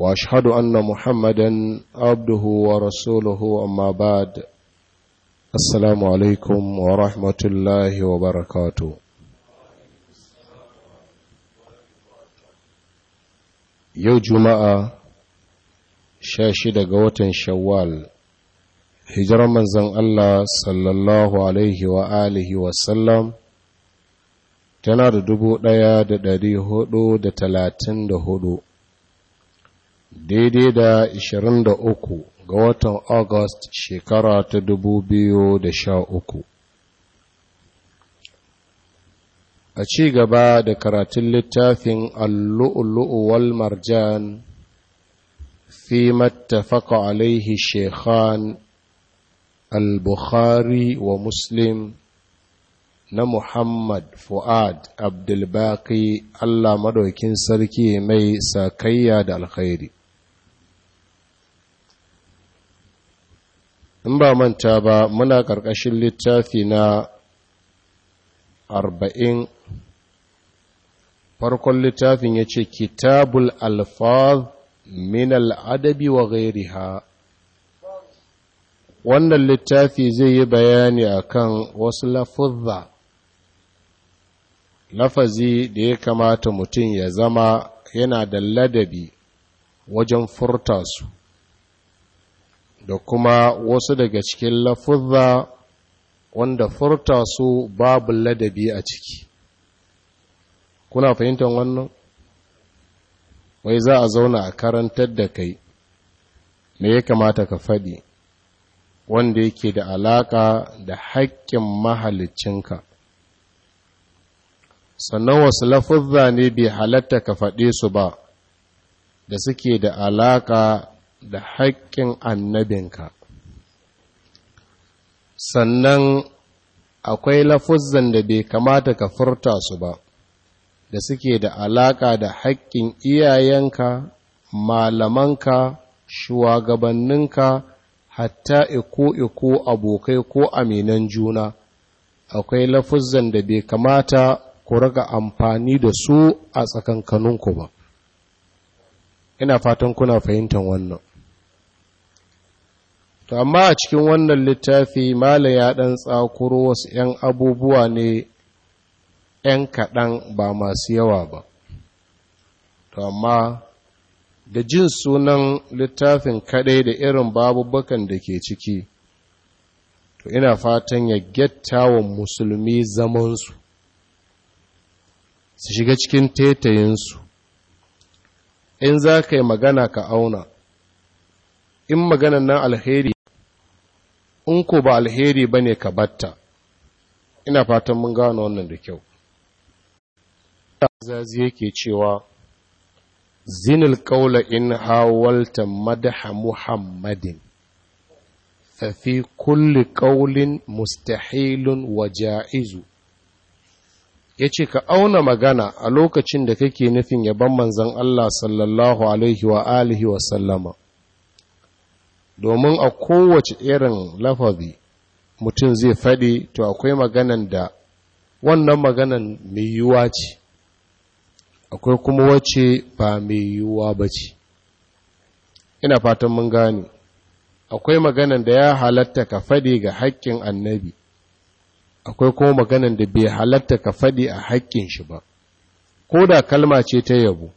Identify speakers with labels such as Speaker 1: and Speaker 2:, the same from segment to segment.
Speaker 1: واشهد ان محمدا عبده ورسوله اما بعد السلام عليكم ورحمه الله وبركاته yau juma'a sha shida ga watan shawwal hijirar manzan Allah sallallahu alaihi wa alihi tana da dubu ɗaya da ɗari hudu da talatin da hudu daidai da 23 ga watan August shekara ta 2013. A ci gaba da karatun littafin Allu'ulu'u wal Marjan fi mattafaka alaihi Shekhan al-Bukhari wa Muslim na Muhammad Fu'ad Abdulbaki Allah Madaukin Sarki mai sakayya da alkhairi. in ba manta ba muna ƙarƙashin littafi na arba'in farkon littafin ya ce kitabul alfaz min al'adabi wa ha, wannan littafi zai yi bayani akan wasu lafuzza lafazi da ya kamata mutum ya zama yana da ladabi wajen furta su da kuma wasu daga cikin lafuzza wanda furta su babu ladabi a ciki kuna fahimtar wannan wai za a zauna a karantar da kai me ya kamata ka faɗi wanda yake da alaƙa da haƙƙin mahalicinka sannan wasu lafuzza ne bai halatta ka faɗe su ba da suke da alaƙa da haƙƙin annabinka sannan akwai lafuzzan da bai kamata ka furta su ba da suke da alaƙa da haƙƙin iyayenka malamanka shugabanninka hatta iko iko abokai ko aminan juna akwai lafuzzan da bai kamata ku raga amfani da su a tsakankaninku ba ina fatan kuna fahimtar wannan to amma a cikin wannan littafi mala ya ɗan tsakuro wasu 'yan abubuwa ne 'yan kaɗan ba masu yawa ba to amma da jin sunan littafin kaɗai da irin babu babubakan da ke ciki to ina fatan ya wa musulmi zamansu su shiga cikin tetayensu. in za ka yi magana ka auna in maganan nan alheri in ko ba alheri ba ne ka batta ina fatan mun gano wannan da kyau zazi yake cewa zinil kaula in hawalta madaha muhammadin fafi kulli kaulin mustahilun wa ja'izu ya ce ka auna magana a lokacin da kake nufin yaban manzan Allah sallallahu alaihi wa alihi wa sallama domin a kowace irin lafazi mutum zai faɗi to akwai maganan da wannan maganan mai yiwuwa ce akwai kuma wace ba mai yiwuwa ba ce ina fatan mun gane akwai maganan da ya halatta ka faɗi ga haƙƙin annabi akwai kuma maganan da bai halatta ka faɗi a haƙƙin shi ba ko da kalma ce ta yabo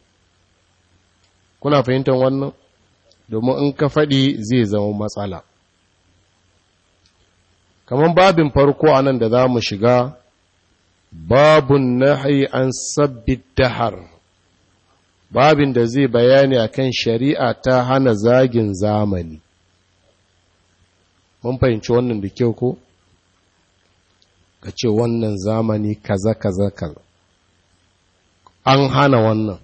Speaker 1: kuna fahimtar wannan domin in ka faɗi zai zama matsala kamar babin farko a nan da za mu shiga na nahi an sabbin dahar babin da zai bayani akan shari'a ta hana zagin zamani mun fahimci wannan da kyau ko ka ce wannan zamani kaza kaza kaza an hana wannan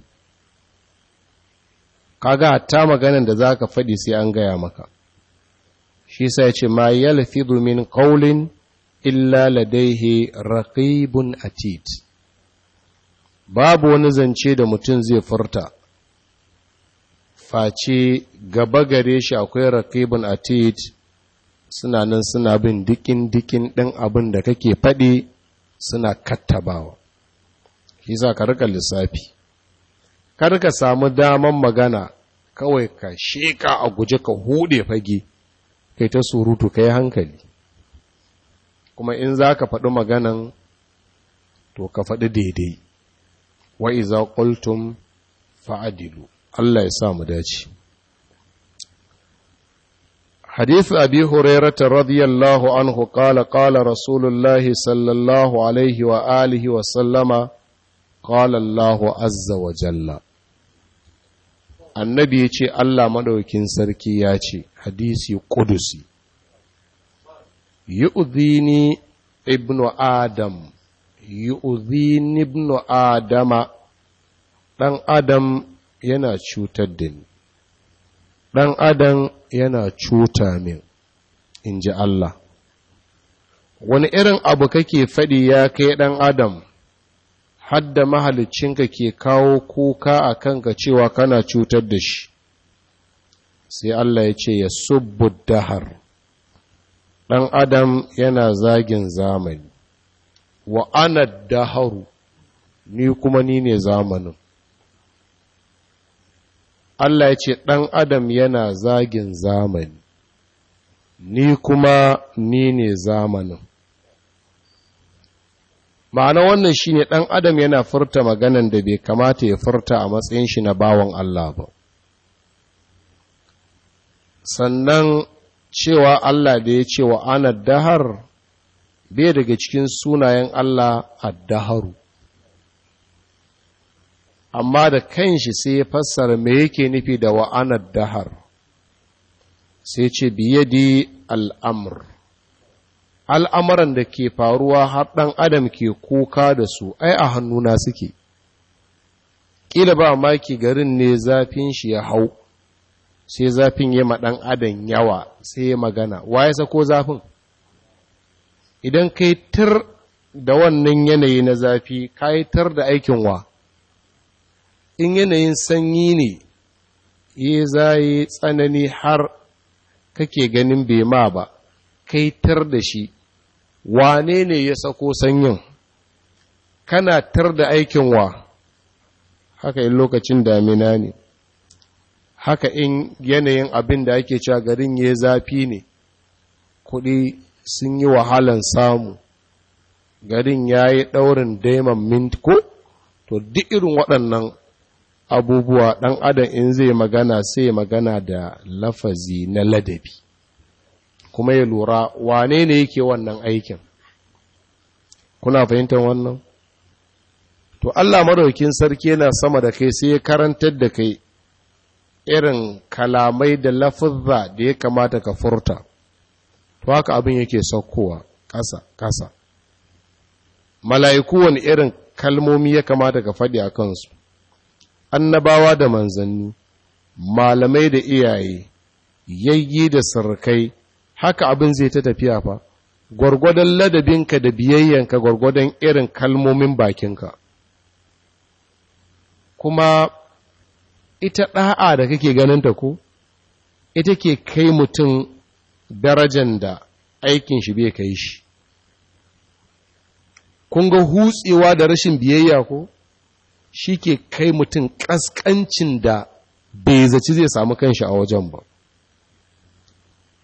Speaker 1: kaga ta maganan da zaka faɗi sai an gaya maka shi sa ya ce ma yalfidu min qawlin illa ladaihi raqibun atid babu wani zance da mutum zai furta face gaba gare shi akwai raqibun atid suna nan suna bin dikin dikin ɗin abin da kake faɗi suna kattabawa shi sa ka rika lissafi kar ka samu daman magana kawai ka sheka a guje ka hude fage kai ta surutu kai hankali kuma in za ka faɗi maganan to ka faɗi daidai wa iza qultum fa'adilu Allah ya sa mu dace حديث أبي هريرة رضي الله عنه قال قال رسول الله صلى الله عليه وآله وسلم قال الله عز وجل annabi ya ce Allah maɗaukin sarki ya ce hadisi kudusi ni ibnu adam ni ibnu adama dan adam yana cutar da ni dan adam yana cuta min in ji Allah wani irin abu kake faɗi ya kai ɗan adam hadda mahalicinka ke kawo kuka a kanka cewa kana cutar da shi sai Allah ya ce ya subbu dahar ɗan adam yana zagin zamani wa ana daharu ni kuma ni ne zamanin Allah ya ce ɗan adam yana zagin zamani ni kuma ni ne zamanin ba na wannan shine ɗan adam yana furta maganan da bai kamata ya furta a matsayin shi na bawan Allah ba sannan cewa Allah da ya ce wa ana dahar bai daga cikin sunayen Allah addaharu amma da kanshi sai ya fassara me yake nufi da wa'anar dahar sai ce biyadi al'amur al'amuran da ke faruwa har ɗan adam ke kuka da su ai a hannuna suke ƙila ba maki garin ne zafin shi ya hau sai zafin ya maɗan adam yawa sai ya magana wa ya sako zafin idan ka yi tir da wannan yanayi na zafi ka yi tur da aikin wa in yanayin sanyi ne ya zaye tsanani har kake ganin bai ma ba kai tar da shi wane ne ya sako sanyin kana tar da aikin wa haka in lokacin damina ne haka in yanayin abin da ake cewa garin ya zafi ne kuɗi sun yi wahalan samu garin ya yi ɗaurin daiman mint ko to duk irin waɗannan abubuwa ɗan adam in zai magana sai magana da lafazi na ladabi kuma ya lura wane ne yake wannan aikin kuna fahimtar wannan to Allah madaukin sarki yana sama da kai sai ya karantar da kai irin kalamai da lafuzza da ya kamata ka furta to haka abin yake saukowa ƙasa ƙasa mala'iku wani irin kalmomi ya kamata ka faɗi a kansu annabawa da manzanni malamai da iyaye yayyi da sarkai haka abin zai ta tafiya fa gwargwadon ladabinka da biyayyanka gwargwadon irin kalmomin bakinka kuma ita ɗa'a da kake ganin ta ko ita ke kai mutum darajan da aikin shi bai kai shi kun ga hutsewa da rashin biyayya ko shi ke kai mutum ƙasƙancin da bai zaci zai samu kanshi a wajen ba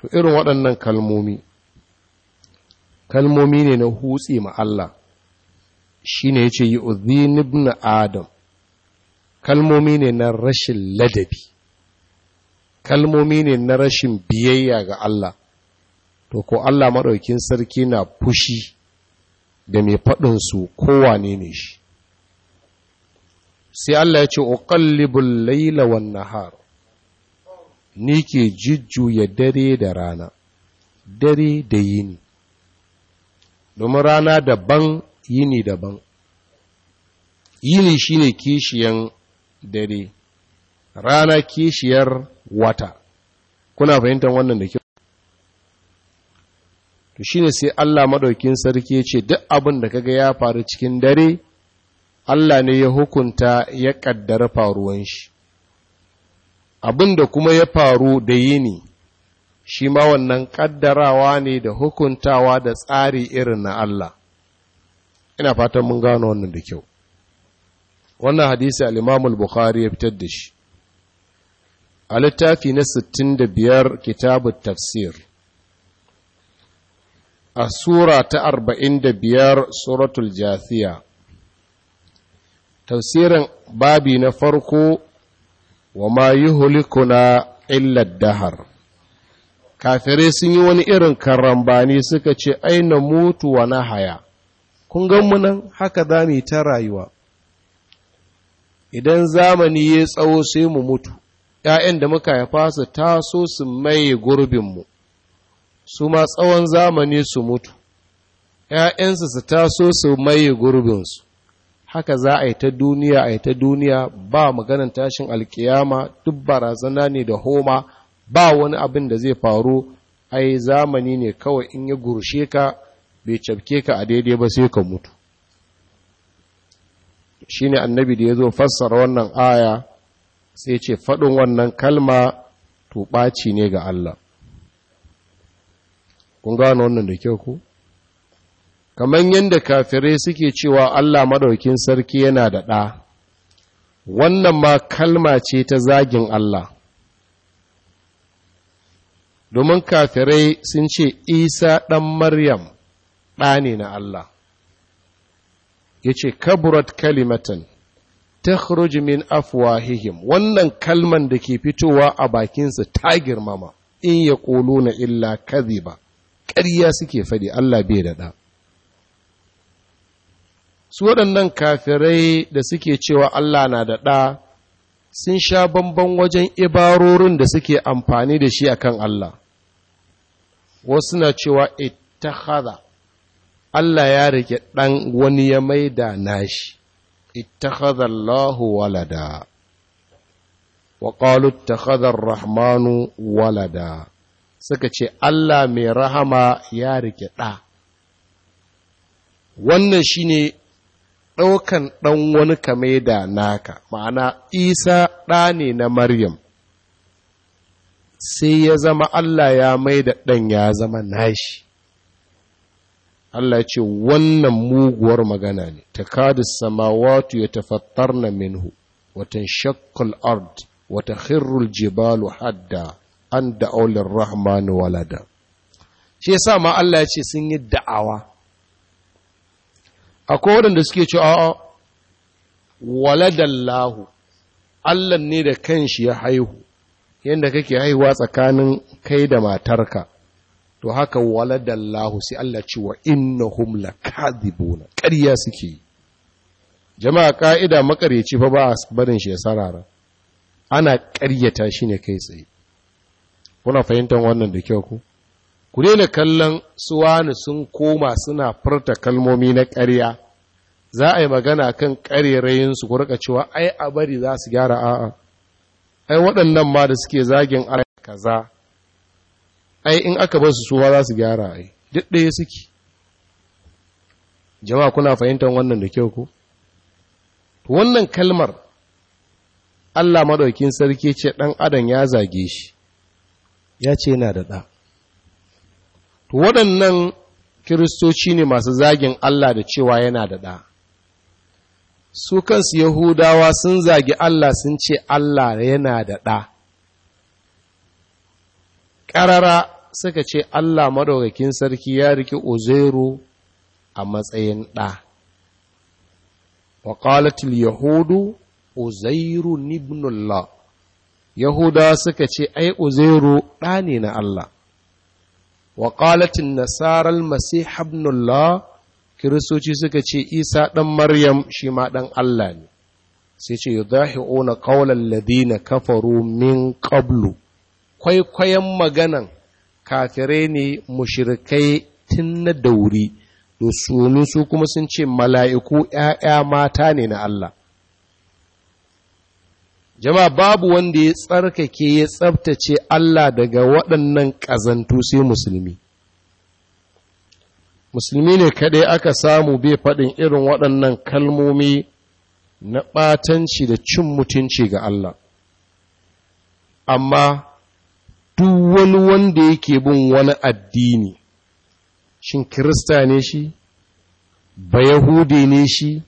Speaker 1: to irin waɗannan kalmomi kalmomi ne na hutse ma Allah shi ne ya ce yi ibn adam kalmomi ne na rashin ladabi kalmomi ne na rashin biyayya ga Allah to ko Allah maɗaukin sarki na fushi da mai faɗinsu kowa ne shi sai Allah ya ce uqallibul laila wan nahar ni ke jujjuya dare da rana dare da yini domin rana daban yini daban yini shine kishiyan dare rana kishiyar wata kuna fahimtar wannan da kyau to shine sai Allah maɗaukin sarki ce duk abin da kaga ya faru cikin dare Allah ne ya hukunta ya ƙaddara faruwan shi abin da kuma ya faru da yini shi ma wannan ƙaddarawa ne da hukuntawa da tsari irin na Allah ina fatan mun gano wannan da kyau wannan hadisi al-imamul bukhari ya fitar da shi a littafi na 65 kitabu tafsir a sura ta 45 suratul jathiya tafsirin babi na farko wa ma illar illa dahar kafirai sun yi wani irin karambani suka ce aina mutu wa na haya kun gan mu nan haka za mu ta rayuwa idan zamani ya tsawo sai mu mutu ‘ya'yan da muka haifa su taso su maye gurbinmu su ma tsawon zamani su mutu ‘ya'yansu su taso su maye gurbinsu haka za a yi ta duniya a yi ta duniya ba maganan tashin alkiyama duk barazana ne da homa ba wani abin da zai faru ai zamani ne kawai in ya gurushe ka bai cafke ka a daidai ba sai ka mutu shi ne annabi da ya zo fassara wannan aya sai ce faɗin wannan kalma tuɓaci ne ga Allah kun gano wannan da kyau ku kamar yadda kafirai suke cewa Allah maɗaukin sarki yana da ɗa wannan ma kalma ce ta zagin Allah domin kafirai sun ce isa ɗan maryam ɗa ne na Allah ya ce kaburat kalimatan ta min afwahihim wannan kalman da ke fitowa a bakinsa ta girmama in ya na illa kazi ba ƙarya suke faɗi Allah bai da ɗa su waɗannan kafirai da suke cewa Allah na da ɗa sun sha bamban wajen ibarorin da suke amfani da shi akan Allah wasu na cewa ittakhadha Allah ya rike ɗan wani ya maida nashi ittakhadha Allahu walada wa qalu ittakhadha ar-rahmanu walada suka ce Allah mai rahama ya rike ɗa wannan shine ɗaukan ɗan wani kame da naka ma'ana isa ɗa ne na maryam sai ya zama allah ya mai da ɗan ya zama nashi allah ya ce wannan muguwar magana ne ta kadis samawatu ya tafattar na minhu watan shakkul ard wata khirrul jibalu hadda an da'aulin rahmanu walada shi yasa ma allah ya ce sun yi da'awa akwai waɗanda suke ce a'a waladallahu Allah ne da kanshi ya haihu yadda kake haihuwa tsakanin kai da matarka to haka waladallahu sai Allah ce wa innahum lakadibuna ƙarya suke jama'a ƙa'ida makareci fa ba a barin shi ya sarara ana ƙaryata shi ne kai tsaye kuna fahimtar wannan da kyau ku ku daina kallon suwani sun koma suna furta kalmomi na ƙarya za a yi magana kan ƙarerayinsu ku rika cewa ai a bari za su gyara a'a ai waɗannan ma da suke zagin ala kaza ai in aka bar su suwa za su gyara ai duk ɗaya suke jama'a kuna fahimtar wannan da kyau ko wannan kalmar Allah madaukin sarki ce ɗan adam ya zage shi ya ce yana da ɗa waɗannan kiristoci ne masu zagin Allah da cewa yana da ɗa su kansu yahudawa sun zagi Allah sun ce Allah yana da ɗa ƙarara suka ce Allah madaukakin sarki ya riki Uzairu a matsayin ɗa. Waƙalatul Yahudu, Uzairu nibnullah Yahudawa suka ce, Ai, Uzairu ɗa ne na Allah. wa qalatin nasara kiristoci suka ce isa ɗan maryam shi ma ɗan Allah ne sai ce yudahiuna ladi na kafaru min ƙa'blu. kwaikwayon maganan kafirai ne mushirikai tun na dauri to su kuma sun ce mala'iku ‘ya'ya mata ne na Allah jama'a babu wanda ya tsarkake ya tsabtace Allah daga waɗannan ƙazantu sai musulmi musulmi ne kaɗai aka samu bai faɗin irin waɗannan kalmomi na ɓatanci da cin mutunci ga Allah amma duk wani wanda yake bin wani addini shin kirista ne shi ba yahudi ne shi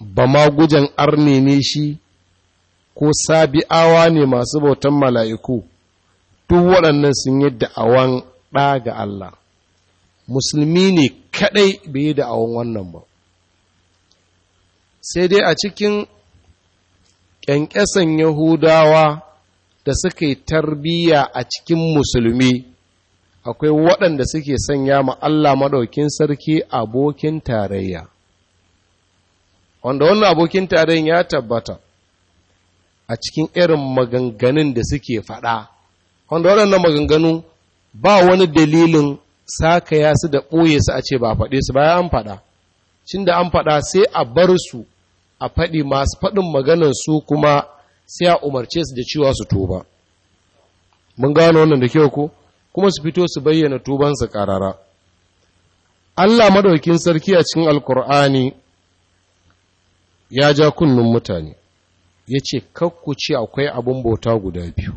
Speaker 1: ba magujan arne ne shi ko sabi'awa ne masu bautan mala'iku duk waɗannan sun yi da'awan ɗa ga Allah musulmi ne kaɗai bai yi da'awan wannan ba sai dai a cikin ƙyanƙyasan yahudawa da suka yi tarbiyya a cikin musulmi akwai waɗanda suke sanya ma Allah maɗaukin sarki abokin tarayya wanda wannan abokin tarayyan ya tabbata a cikin irin maganganun da suke faɗa wanda waɗannan maganganu ba wani dalilin ya su da ɓoye su a ce ba faɗe su bayan an faɗa cin da an faɗa sai a bar su a faɗi masu faɗin maganan su kuma sai a umarce su da cewa su tuba mun gano wannan da kyau ko kuma su fito su bayyana tubansu ƙarara Allah madaukin sarki a cikin alkur'ani ya ja kunnun mutane ya ce kakku ce akwai abin bauta guda biyu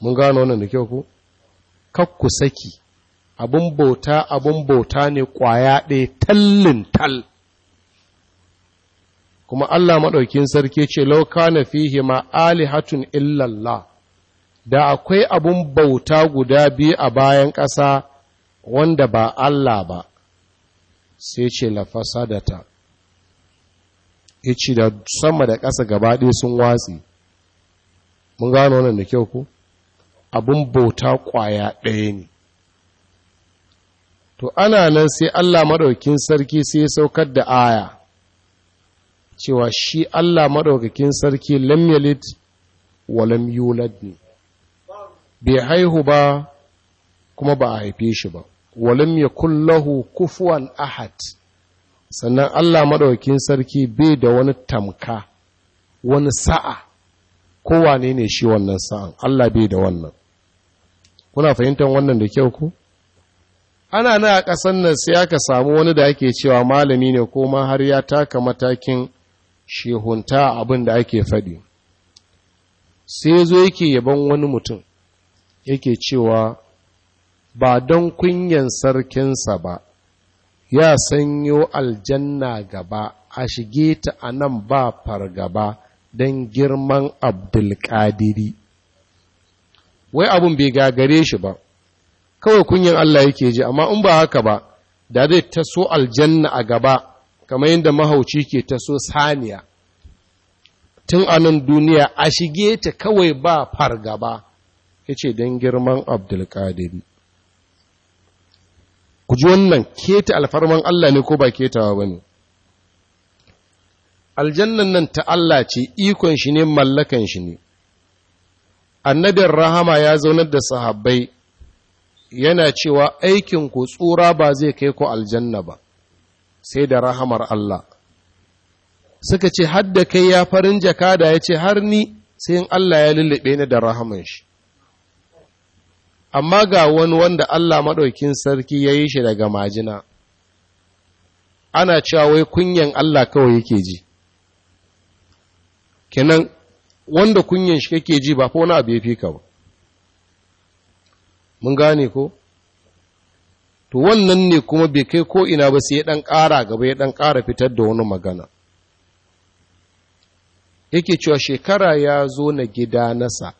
Speaker 1: mun gano wannan da kyau ku kakku saki abin bauta abin bauta ne ƙwaya ɗaya tallin tal kuma Allah maɗaukin sarki ce lauka na fihi ma'alihatun illallah da akwai abin bauta guda biyu a bayan ƙasa wanda ba Allah ba sai ce da ta. ya ce da sama da ƙasa gaba ɗaya sun watsi mun gano wannan da kyau ko abin bauta ƙwaya ɗaya ne to ana nan sai Allah maɗaukin sarki sai ya saukar da aya cewa shi Allah maɗaukakin sarki lam yalid wa lam ne bai haihu ba kuma ba a haife shi ba walam yakullahu kufuwan ahad sannan Allah maɗaukin sarki bai da wani tamka wani sa'a kowane ne shi wannan sa'an Allah bai da wannan kuna fahimtar wannan da kyau ku ana na a ƙasar nan sai aka samu wani da ake cewa malami ne ko ma har ya taka matakin shehunta abin da ake faɗi sai zo yake yaban wani mutum yake cewa ba don kunyan sarkinsa ba ya sanyo aljanna gaba a shige ta a nan ba fargaba don girman abdulkadiri wai abun bai gagare shi ba kawai kunyan Allah yake ji amma in ba haka ba da zai taso aljanna a gaba kamar yadda mahauci ke taso saniya tun anan duniya a shige ta kawai ba fargaba ya ce don girman abdulkadiri ku ji wannan keta alfarman Allah ne ko ba ketawa ba ne aljannan nan ta Allah ce ikon shi ne mallakan shi ne annabin rahama ya zaunar da sahabbai yana cewa aikin ku tsura ba zai kai ku aljanna ba sai da rahamar Allah suka ce hadda kai ya farin jaka da ya ce har ni sai in Allah ya lullube ni da rahaman shi amma ga wani wanda Allah maɗaukin sarki ya yi shi daga majina ana cewa wai kunyan Allah kawai yake ji kenan wanda kunyan shi kake ji ba fa wani abu ya fi ka ba mun gane ko to wannan ne kuma bai kai ko ina ba sai ya ɗan ƙara gaba ya ɗan ƙara fitar da wani magana yake cewa shekara ya zo na gida nasa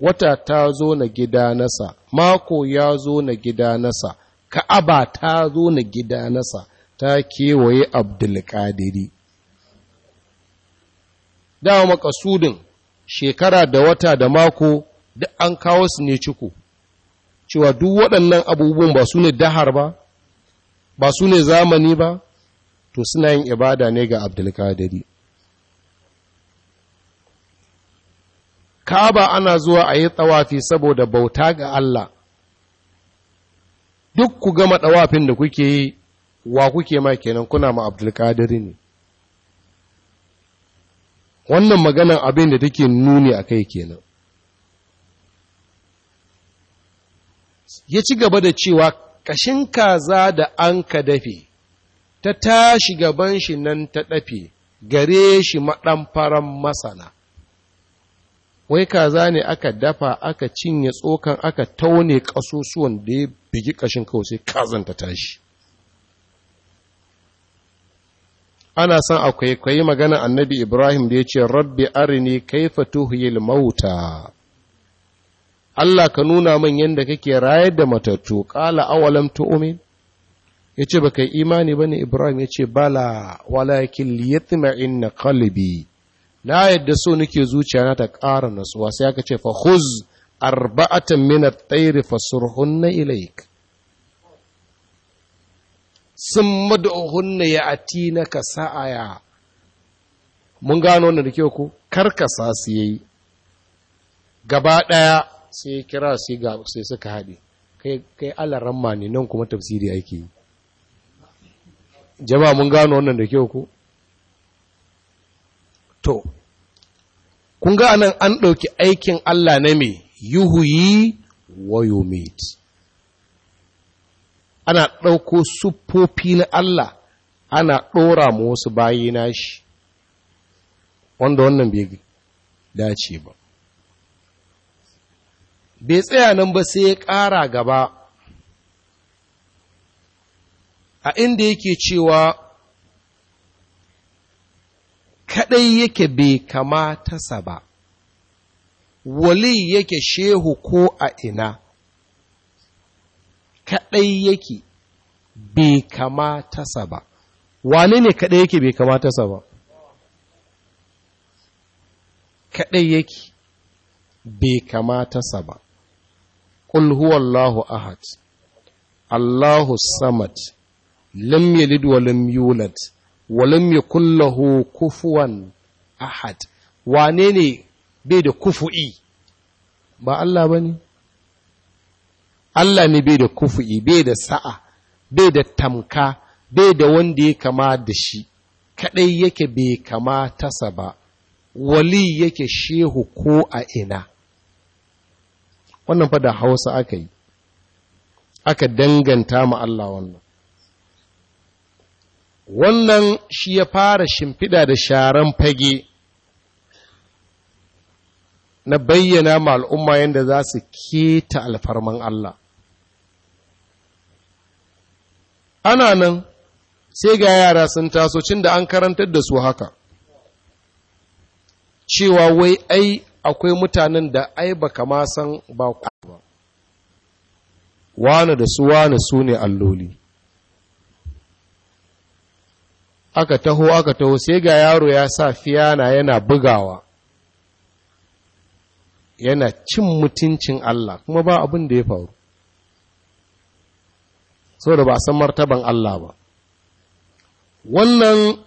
Speaker 1: wata ta zo na gida nasa mako ya zo na gida nasa ka'aba ta zo na gida nasa ta kewaye abdulkadiri Dawa makasudin shekara da wata da mako da an kawo su ne ciko cewa duk waɗannan abubuwan ba su ne dahar ba ba su ne zamani ba to suna yin ibada ne ga abdulkadiri kaba ana zuwa a yi tsawafi saboda bauta ga Allah duk ku gama tsawafin da kuke yi wa kuke ma kenan kuna ma abdulkadiri ne wannan maganan abin da take nuni a kai kenan ya ci gaba da cewa ƙashin kaza da an ka dafe ta tashi gaban shi nan ta ɗafe gare shi maɗan faran masana wai kaza ne aka dafa aka cinye tsokan aka taune ƙasusuwan da ya bigi ƙashin kawai sai kazan tashi ana son akwai kwayi maganar annabi ibrahim da ya ce rabbi arini kaifa tuhyil mauta Allah ka nuna min yadda kake rayar da matattu ƙala awalam tu'min yace baka imani ba ne, ibrahim yace bala walakin liyatma'inna qalbi na yadda so nake zuciya na ta ƙara nasuwa sai aka ce fa khuz arba'atan min at-tayr surhunna ilayk summa du'hunna ka sa'aya mun gano wannan da kyau ko ka su yayi gaba ɗaya sai kira sai ga sai suka hade kai kai alaran ne nan kuma tafsiri ake yi jama'a mun gano wannan da kyau ko to kun ga nan an ɗauki aikin Allah na me yuhuyi wa yumit ana ɗauko siffofi na Allah ana ɗora ma wasu bayi shi. wanda wannan bai dace ba bai tsaya nan ba sai ya ƙara gaba a inda yake cewa kaɗai yake bai kamata sa ba, wali yake shehu ko a ina, kaɗai yake bai kamata sa ba, wani ne kaɗai yake bai kamata sa ba? Kaɗai yake bai kamata sa ba, ƙul Allahu ahad, Allahu samad, lam yalid wa lam walam yakul hu kufuwan ahad wane ne bai da kufu'i ba Allah bane Allah ne bai da kufu'i bai da sa'a bai da tamka bai da wanda ya kama da shi kadai yake bai kama tasa ba wali yake shehu ko a ina wannan fa da Hausa aka yi aka danganta ma Allah wannan wannan shi ya fara shimfiɗa da sharan fage na bayyana ma al'umma yadda za su keta alfarman Allah. Ana nan sai ga yara sun taso cin da an karantar da su haka, cewa wai ai akwai mutanen da ai ba kama san ba ku. ba, wane da su wane su ne alloli. aka taho aka taho sai ga yaro ya sa fiyana yana bugawa yana cin mutuncin Allah kuma ba abin da ya faru saboda ba san martaban Allah ba wannan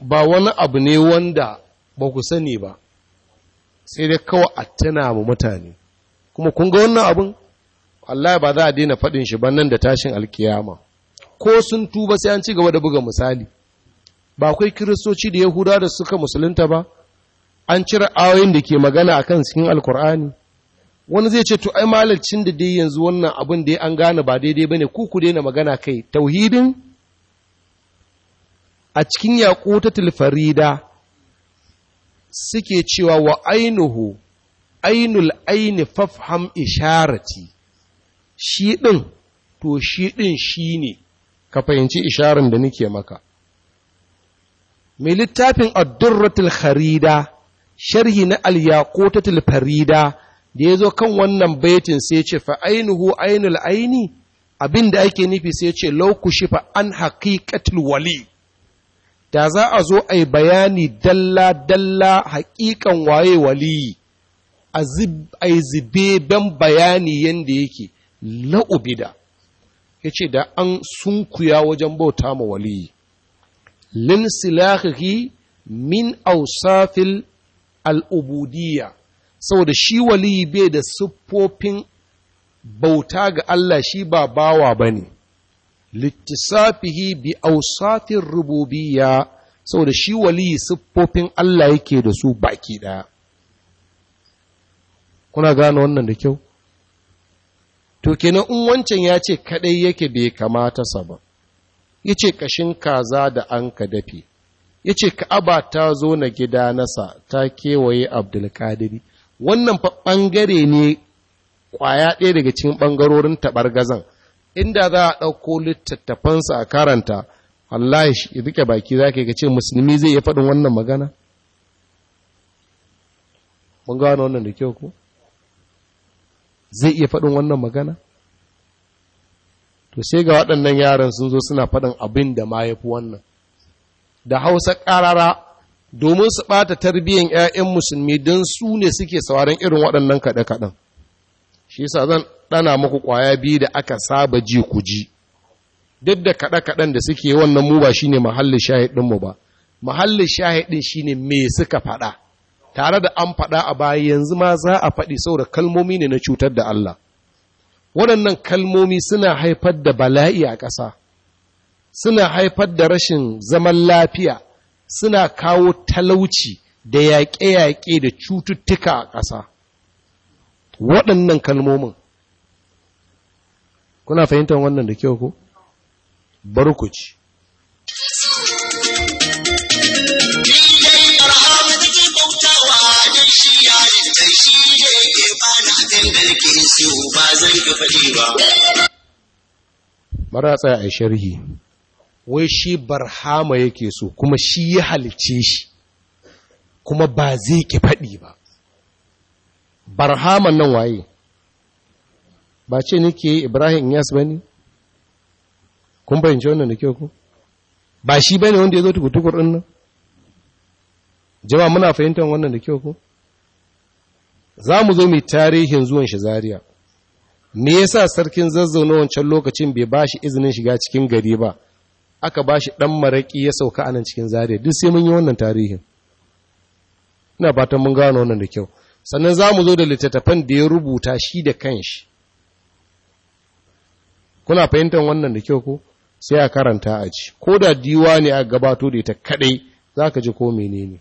Speaker 1: ba wani abu ne wanda ba ku sani ba sai dai kawai a tana mu mutane kuma kun ga wannan abin Allah ba za a daina faɗin shi ba nan da tashin alkiyama ko sun tuba sai an ci gaba da buga misali ba akwai kiristoci da yahuda da suka musulunta ba an cire ayoyin da ke magana akan cikin alkur'ani wani zai ce to ai malalcin da dai yanzu wannan abin da an gane ba daidai bane ku ku daina magana kai tauhidin a cikin yaqutatul farida suke cewa wa ainuhu ainul aini fafham isharati shi din to shi din shine ka fahimci isharin da nake maka mai littafin addurratul kharida sharhi na al-yaqutatul farida da yazo kan wannan baitin sai ce fa ainuhu ainul aini abin da ake nufi sai ce law kushifa an haqiqatul wali da za a zo ai bayani dalla dalla haƙiƙan waye wali azib ai bayani yanda yake la'ubida ya ce da an sunkuya wajen bauta ma waliyi lin silahihi min ausafil al'ubudiyya saboda shi waliyi bai da siffofin bauta ga Allah shi ba bawa ba ne littisafihi bi ausafin rububiyya saboda shi waliyi siffofin Allah yake da su baki ɗaya kuna gane wannan da kyau to kenan in wancan ya ce kadai yake bai kamata sa ba ya ce kashin kaza da an ka dafe ya ce ka'aba ta zo na gida nasa ta kewaye abdulkadiri wannan ɓangare ne ƙwaya ɗaya daga cikin ɓangarorin taɓar gazan inda za a ɗauko littattafansa a karanta Allah ya rike baki za ka ce musulmi zai iya faɗin wannan magana? Mun wannan da kyau ko? zai iya faɗin wannan magana to sai ga waɗannan yaran sun zo suna faɗin abin da ma ya fi wannan da hausa ƙarara domin su ɓata tarbiyyar 'ya'yan musulmi don su ne suke sauran irin waɗannan kaɗe-kaɗen shi sa zan ɗana maku ƙwaya biyu da aka saba ji ku ji duk da kaɗe-kaɗen da suke wannan mu ba shi ne mahallin shahidinmu ba mahallin shahidin shi ne me suka faɗa tare da an faɗa a baya yanzu ma za a faɗi saboda kalmomi ne na cutar da Allah waɗannan kalmomi suna haifar da bala'i a ƙasa suna haifar da rashin zaman lafiya suna kawo talauci da yaƙe-yaƙe da cututtuka a ƙasa waɗannan kalmomin kuna fahimtar wannan da kyau ko barkuci
Speaker 2: ke ba da abin da nake ba zan ka faɗi ba
Speaker 1: bara tsaya a sharhi wai shi barhama yake so kuma shi ya halice shi kuma ba zai ki faɗi ba Barhama nan waye ba ce nake ibrahim yas ba ne kun bayanci wannan da kyau ku ba shi ba ne wanda ya zo tukutukur ɗin nan jama muna fahimtar wannan da kyau ku za mu zo mai tarihin zuwan shi zariya me yasa sarkin zazzauna wancan lokacin bai ba shi izinin shiga cikin gari ba aka ba shi ɗan maraƙi ya sauka anan cikin zariya duk sai mun yi wannan tarihin ina fatan mun gano wannan da kyau sannan za mu zo da littattafan da ya rubuta shi da kanshi kuna fahimtar wannan da kyau ko sai a karanta a ci ko da diwa ne a gabato da ita kadai za ka ji ko menene ne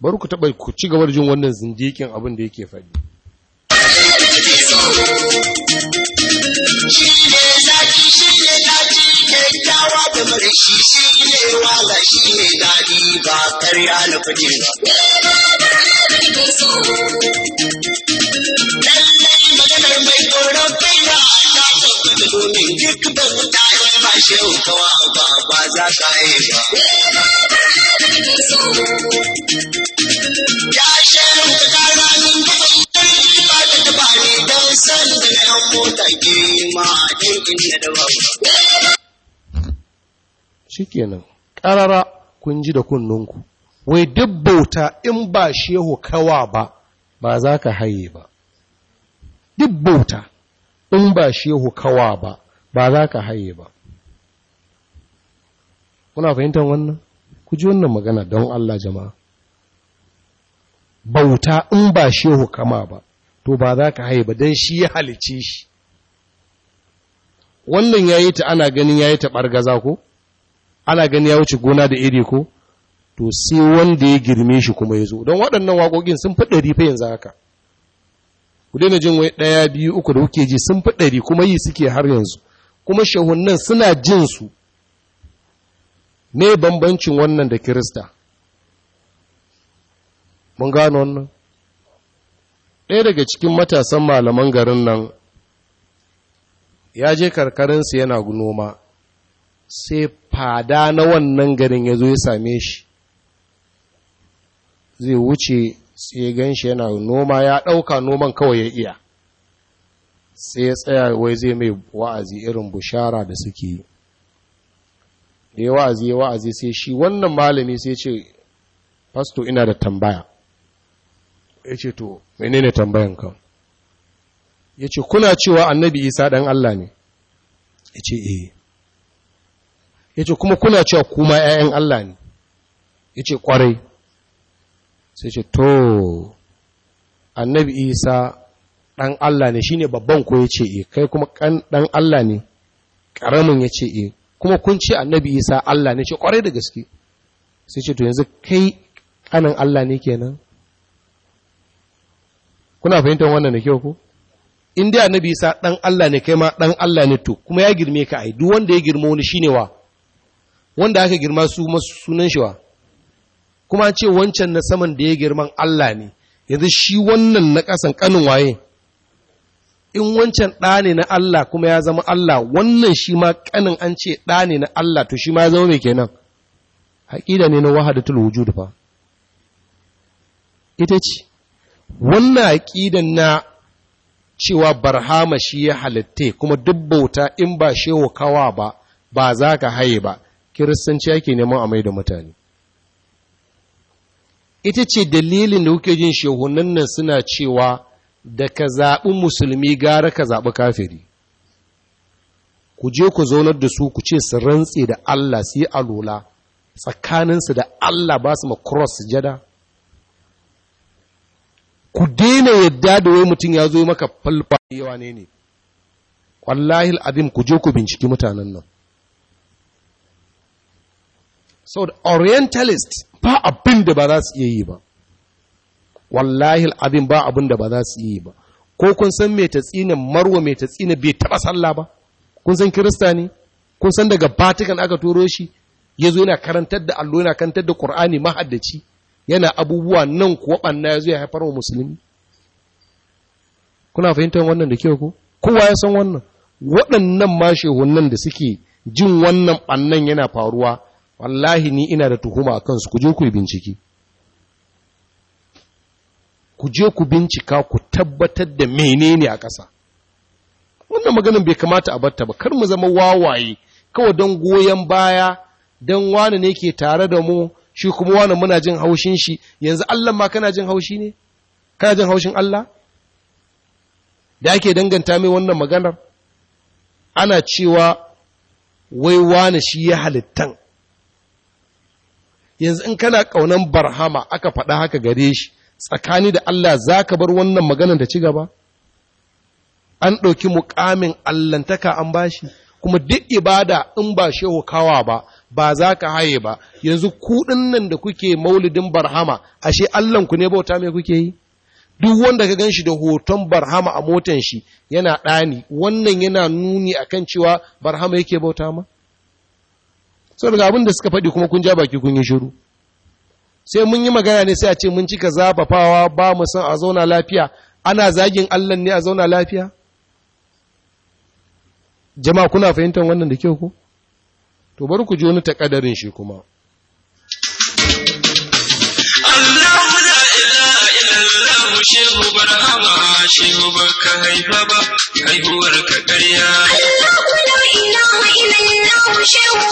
Speaker 1: bari ku taɓa ku ci gaba da jin wannan zindikin abin da yake faɗi
Speaker 2: kyakkyawa da marishi shi ne wala shi ne daɗi ba karya na fage ba. Lallai maganar mai tsoron kai na ta tabbata domin duk da mutane ba shi kawa ba ba za ka yi ba.
Speaker 1: shikenan ƙarara kun ji da kunnunku wai duk bauta in ba shehu kawa ba ba za ka haye ba duk bauta in ba shehu kawa ba ba za ka haye ba kuna fahimtar wannan ku ji wannan magana don Allah jama'a bauta in ba shehu kama ba to ba za ka haiba don shi ya halice shi wannan ya yi ta ana ganin ya yi ta za ko ana ganin ya wuce gona da iri ko to sai wanda ya girme shi kuma ya zo don waɗannan waƙoƙin sun fi ɗari fa yanzu haka ku daina jin wai ɗaya biyu uku da kuke ji sun fi ɗari kuma yi suke har yanzu kuma shahunnan suna jin su Ne bambancin wannan da kirista mun gano wannan ɗaya daga cikin matasan malaman garin nan ya je karkarinsu yana noma sai fada na wannan garin ya zo ya same shi zai wuce sai gan shi yana noma ya ɗauka noman kawai ya iya sai ya tsaya wai zai mai wa'azi irin bushara da suke yi da ya wa'azi ya wa'azi sai shi wannan malami sai ce fasto ina da tambaya ya ce to menene tambayan ka ya ce kuna cewa annabi isa ɗan Allah ne ya ce eh ya ce kuma kuna cewa kuma ‘ya'yan Allah ne ya ce ƙwarai sai ce to annabi isa ɗan Allah ne shi ne babban ko ya ce e kai kuma ɗan Allah ne ƙaramin ya ce e kuma kun ce annabi isa Allah ne ce kwarai da gaske sai ce to yanzu kai kanan Allah ne kenan kuna fahimtar wannan da kyau ko in dai annabi isa dan Allah ne kai ma dan Allah ne to kuma ya girme ka ai duk wanda ya girma wani shine wa wanda aka girma su sunan shi wa kuma ce wancan na saman da ya girman Allah ne yanzu shi wannan na kasan kanin waye in wancan ɗane na Allah kuma ya zama Allah wannan shi ma ƙanin an ce ɗa na Allah to shi ma ya zama mai kenan haƙida ne na wahadatul wujud fa ita ce wannan haƙidan na cewa barhama shi ya halitte kuma duk bauta in ba shewa kawa ba ba za ka haye ba kiristanci ake neman a mai da mutane ita ce dalilin da kuke jin shehunan nan suna cewa da ka zaɓi musulmi gara ka zaɓi kafiri ku je ku zaunar da su ku ce su rantse da Allah su yi alola tsakaninsu da Allah ba su cross jada ku daina yadda da wai mutum ya zo maka falfa yawa ne ne wallahi al'adim ku je ku binciki mutanen nan so the orientalist ba abin da ba za su iya yi ba wallahi abin ba abin da ba za su yi ba ko kun san mai tatsina marwa mai tsina, bai taba sallah ba kun san kirista ne kun san daga batikan aka turo shi ya zo yana karantar da allo yana karantar da Qur'ani mahaddaci yana abubuwa nan kuwa banna ya zo ya haifar wa musulmi kuna fahimtar wannan da kyau ko kowa ya san wannan waɗannan ma shehunan da suke jin wannan bannan yana faruwa wallahi ni ina da tuhuma a kansu ku je ku bincike ku je ku bincika ku tabbatar da menene a ƙasa wannan maganin bai kamata a batta ba kar mu zama wawaye kawai don goyon baya don wani ne ke tare da mu shi kuma wani muna jin haushin shi yanzu Allah ma kana jin haushi ne kana jin haushin Allah da ake danganta mai wannan maganar ana cewa wai wani shi ya halittan yanzu in kana ƙaunan barhama aka faɗa haka gare shi tsakani da Allah za ka bar wannan magana da ci gaba an ɗauki mukamin allantaka an bashi kuma duk ibada in ba shehu kawa ba ba za ka haye ba yanzu kuɗin nan da kuke maulidin barhama ashe allanku ne bauta mai kuke yi duk wanda ka gan shi da hoton barhama a motan shi yana ɗani wannan yana nuni a kan cewa barhama yake bauta ma sau daga abin da suka faɗi kuma kun ja baki kun yi shiru sai mun yi magana ne sai a ce mun cika zafafawa ba mu san a zauna lafiya ana zagin Allah ne a zauna lafiya jama'a kuna fahimtar wannan da kyau ko to bari ku ji wani takadarin shi kuma
Speaker 2: shehu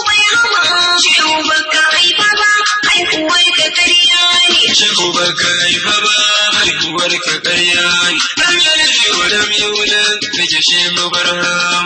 Speaker 2: baka Baba, ba haihuwar ka karya ne Baba, baka haifa ba haihuwar ka karya ne lam yalid wa lam Baba, kaje shehu barhama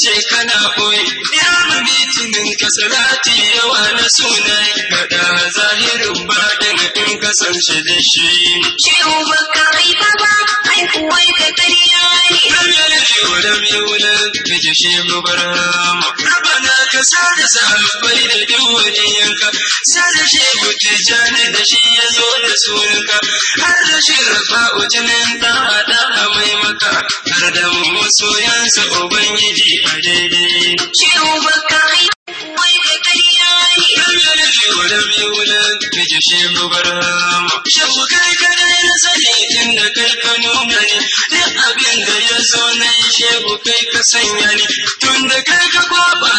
Speaker 2: ce kana koyi ya mabitinin ka salati yawa na sunayi faɗa zahirin baɗin in ka san shi da shi shi ubaka kai baba haihuwar ka tariyari lam yalid wa lam yulad bi jishin barama sada sahabbai da duk yanka sada shehu tijjani da shi ya zo da sunanka har da shi rafa'u jinin da'a da'a mai maka har da masoyansa ubangiji a daidai. Shehu fi wurin mai wulin fiji shi gubara. Shabu kai kada yi da kalkano mani, duk abin da ya zo na yi shebu kai ka sanya ne, tun da kai ka kwaba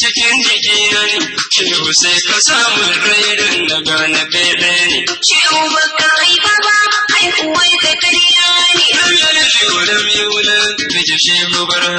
Speaker 2: cikin jiki na ne, shebu sai ka samu rairin da gane kai bai ne. Shebu ba ka yi ba ba, ai kuwa yi ka karya ne. Rami fi wurin mai wulin fiji shi gubara.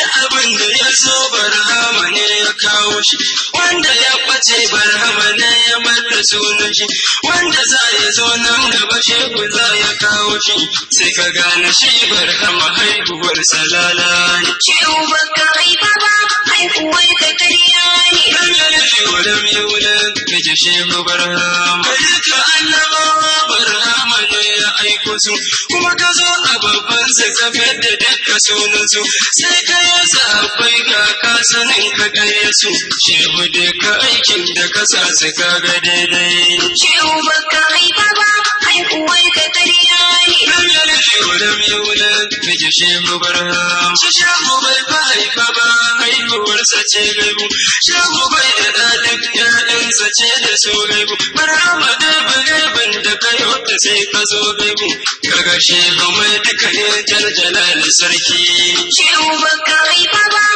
Speaker 2: Duk abin da ya zo bara mani ya kawo. shi wanda ya ɓace barhama ne ya mata sunan shi wanda za ya zo nan gaba shehu za ya kawo shi sai ka gane shi barhama haihuwar salala ne. Shehu ba ka haifa ba haihuwar ka karya ne. Lallai shi wadam yaulan ka ji shehu barhama. Ka yi ka annabawa barhama ne ya aiko su kuma ka zo a babban sa tafiyar da dukkan sunansu sai ka yi sahabbai ka ka sanin ka gaya su. ce da ka aikin da ka sa su kaga daidai Shehu uba ka haifa ba haihuwar ka karya ne lam yalfi wa lam yulad ta gishe mu barha shi shahu bai ba haifa ba haihuwarsa ce mai gaibu shahu bai da ɗaɗin ƴaƴansa ce da su gaibu barhama da bugabin da ka wata sai ka zo gaibu ka gashe shehu mai duka ne jaljala sarki Shehu uba ka haifa ba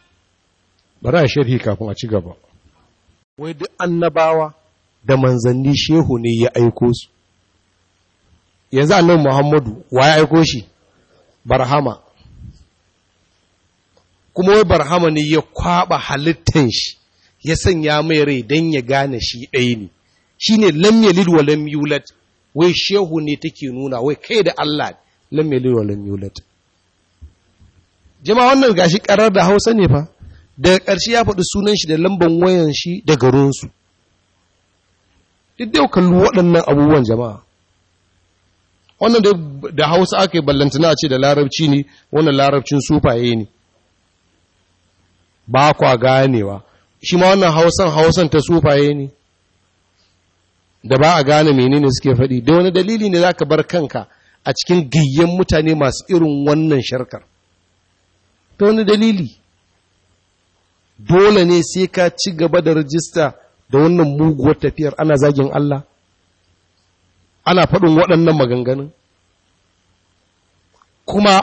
Speaker 1: bari a sharhi kafin a ci gaba wai duk annabawa da manzanni shehu ne ya aiko su yanzu annan Muhammadu wa ya aiko shi barhama kuma wai barhama ne ya kwaɓa halittan shi ya sanya mai rai don ya gane shi ɗaya ne shi ne lam wa wai shehu ne take nuna wai kai da Allah lam yalid wa jama'a wannan gashi karar da Hausa ne fa daga ƙarshe ya faɗi sunan shi da lamban wayan shi da garinsu duk da kallu waɗannan abubuwan jama'a wannan da hausa aka yi ballantana ce da larabci ne wannan larabcin sufaye ne ba kwa ganewa shi ma wannan hausan hausan ta sufaye ne da ba a gane menene suke faɗi da wani dalili ne za ka bar kanka a cikin gayyen mutane masu irin wannan sharkar ta wani dalili dole ne sai ka ci gaba da rajista da wannan muguwar tafiyar ana zagin Allah ana faɗin waɗannan maganganun kuma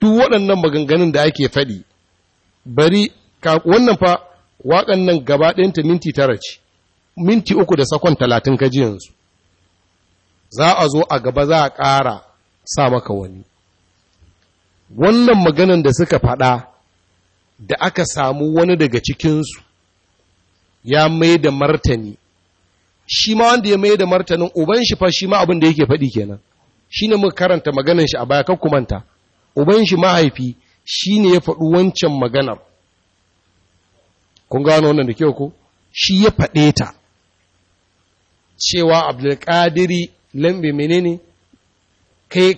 Speaker 1: duk waɗannan maganganun da ake faɗi bari wannan fa waƙan nan gaba ɗayanta minti tara ce minti uku da sakon talatin ka yanzu za a zo a gaba za a ƙara sa maka wani wannan maganan da suka faɗa da aka samu wani daga cikinsu ya mai da martani shi ma wanda ya mai da martanin uban shi fa shi ma abin da yake faɗi kenan shi ne muka karanta maganar shi a baya kan kumanta uban shi mahaifi shi ne ya faɗi wancan maganar kun gano wannan da kyau ko shi ya faɗe ta cewa abdulkadiri lambe menene kai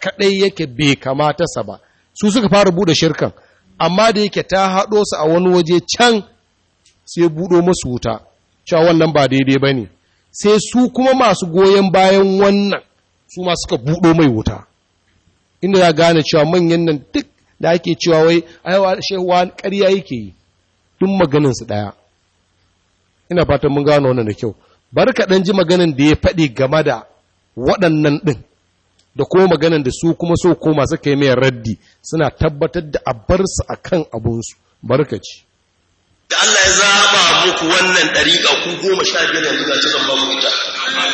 Speaker 1: kaɗai yake bai kamata sa ba su suka fara buɗe shirkan amma da yake ta haɗo su a wani waje can sai buɗo masu wuta cewa wannan ba daidai ba ne sai su kuma masu goyon bayan wannan su ma suka buɗo mai wuta inda za gane cewa manyan nan duk da ake cewa wai aiwa shewa ƙarya yake yi duk maganinsu ɗaya ina fatan mun gano wannan da kyau bar kaɗan ji maganin da ya faɗi game da waɗannan ɗin da kuma maganin da su kuma so koma suka yi mai raddi suna tabbatar da abarsu a kan su abunsu barkaci
Speaker 3: da Allah ya zaba muku wannan ɗariƙa ku goma sha biyar yanzu ga cikin ba ita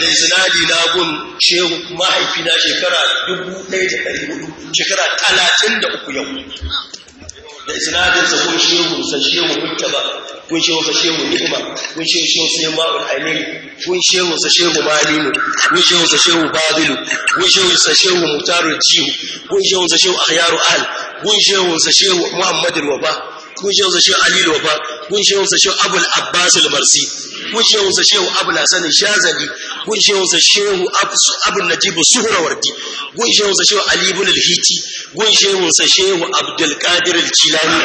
Speaker 3: da sinadi na gun shehu mahaifina shekara dubu ɗaya da ɗari hudu shekara talatin da uku yau da isnadinsa kun shehu sa shehu muttaba kun shehu sa mu ni'ima kun shehu shehu sai ma'ul amin kun shehu sa mu malimu kun shehu sa mu babilu kun shehu sa mu mutaru ji kun shehu sa mu ahyaru ahl kun shehu sa mu muhammadin waba kun shehu sa shehu alil waba kun shehu sa shehu abul abbas al-marsi gun shehunsa shehu abu lasanin shazali shehu sa shehu abu najibu najib suhrawardi kun shehu ibn al hiti. kun shehu abdulkadir al-jilani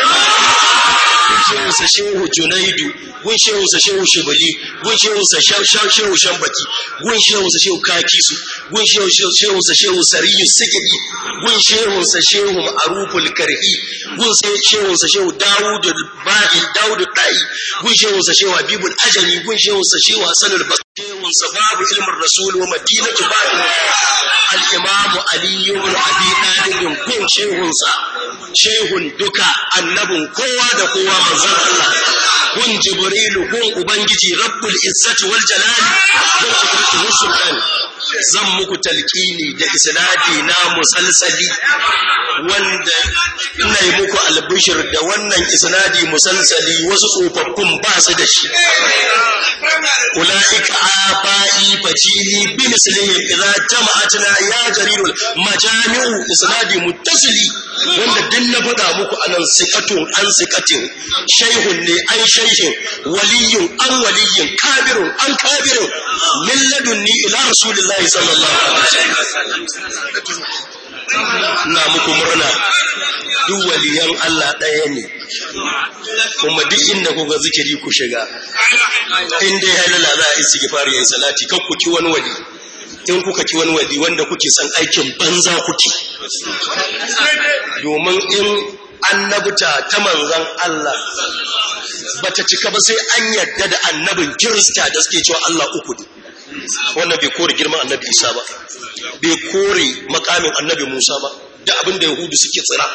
Speaker 3: kun shehu junaidu shehu sa shehu shibali gun shehunsa shehu shambaki gun shehunsa shehu kakisu gun shehunsa shehu sariyu kun shehu sa shehu aruful karhi shehu sa shehu al ba'i dawudu da'i gun shehunsa shehu habibul ajami gun shehunsa shi Hassan al-Basri shehunsa babu ilmin rasulu wa madinatu babu al imamu Ali ibn Abi Talib gun shehunsa shehun duka annabin kowa da kowa manzon Allah gun Jibrilu gun Ubangiji Rabbul Izzati wal Jalali gun Jibrilu zan muku talkini da isnadi na musalsali wanda ina yi muku albishir da wannan isnadi musalsali wasu tsofaffin ba su da shi ulaika abai bajili bi muslimin idza jama'atuna ya jarirul majami'u isnadi muttasili wanda din na faɗa muku anan sikatun an sikatin shaihun ne an shaihin waliyun an waliyyin kabirun an kabirun min ladunni ila rasulillahi Na sallallahu
Speaker 4: alaihi
Speaker 3: muku murna duk waliyan Allah ɗaya ne kuma duk inda kuka zikiri ku shiga
Speaker 4: in dai halala
Speaker 3: za a istighfar yin salati kan ku ki wani wali in kuka ki wani wali wanda kuke san aikin banza kuke domin in annabta ta manzan Allah bata cika ba sai an yadda da annabin Kirista da suke cewa Allah uku ne wannan bai kore girman annabi isa ba bai kore makamin annabi musa ba da abin da yahudu suke tsira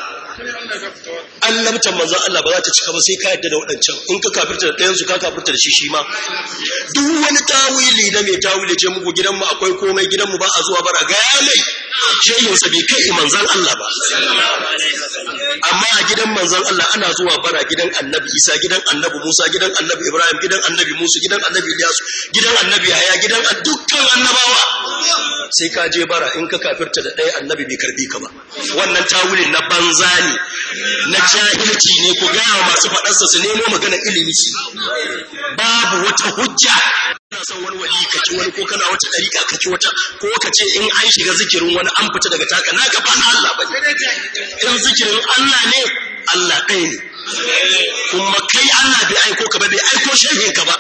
Speaker 3: An annabtan manzo Allah ba za ta cika ba sai ka yadda da waɗancan in ka kafirta da ɗayan su ka kafirta da shi shi ma duk wani tawili na mai tawili ce muku gidanmu akwai komai gidanmu ba a zuwa bara gaya mai shehin sa bai kai manzan Allah ba
Speaker 4: amma a gidan manzan
Speaker 3: Allah ana zuwa bara gidan annabi Isa gidan annabi Musa gidan annabi Ibrahim gidan annabi Musa gidan annabi Ilyas gidan annabi Yahya gidan dukkan annabawa sai ka je bara in ka kafirta da ɗaya annabi bai karbi ka ba wannan tawulin na banza ne na jahilci ne ku gaya wa masu faɗarsa su nemo magana ilimi su babu wata hujja kana son wani wali ka ci wani ko kana wata ɗariƙa ka ci wata ko ka ce in an shiga zikirin wani an fita daga taka na gaba Allah ba
Speaker 2: in zikirin Allah ne
Speaker 3: Allah ɗaya ne kuma kai Allah bai aiko ka ba bai aiko shehin ka ba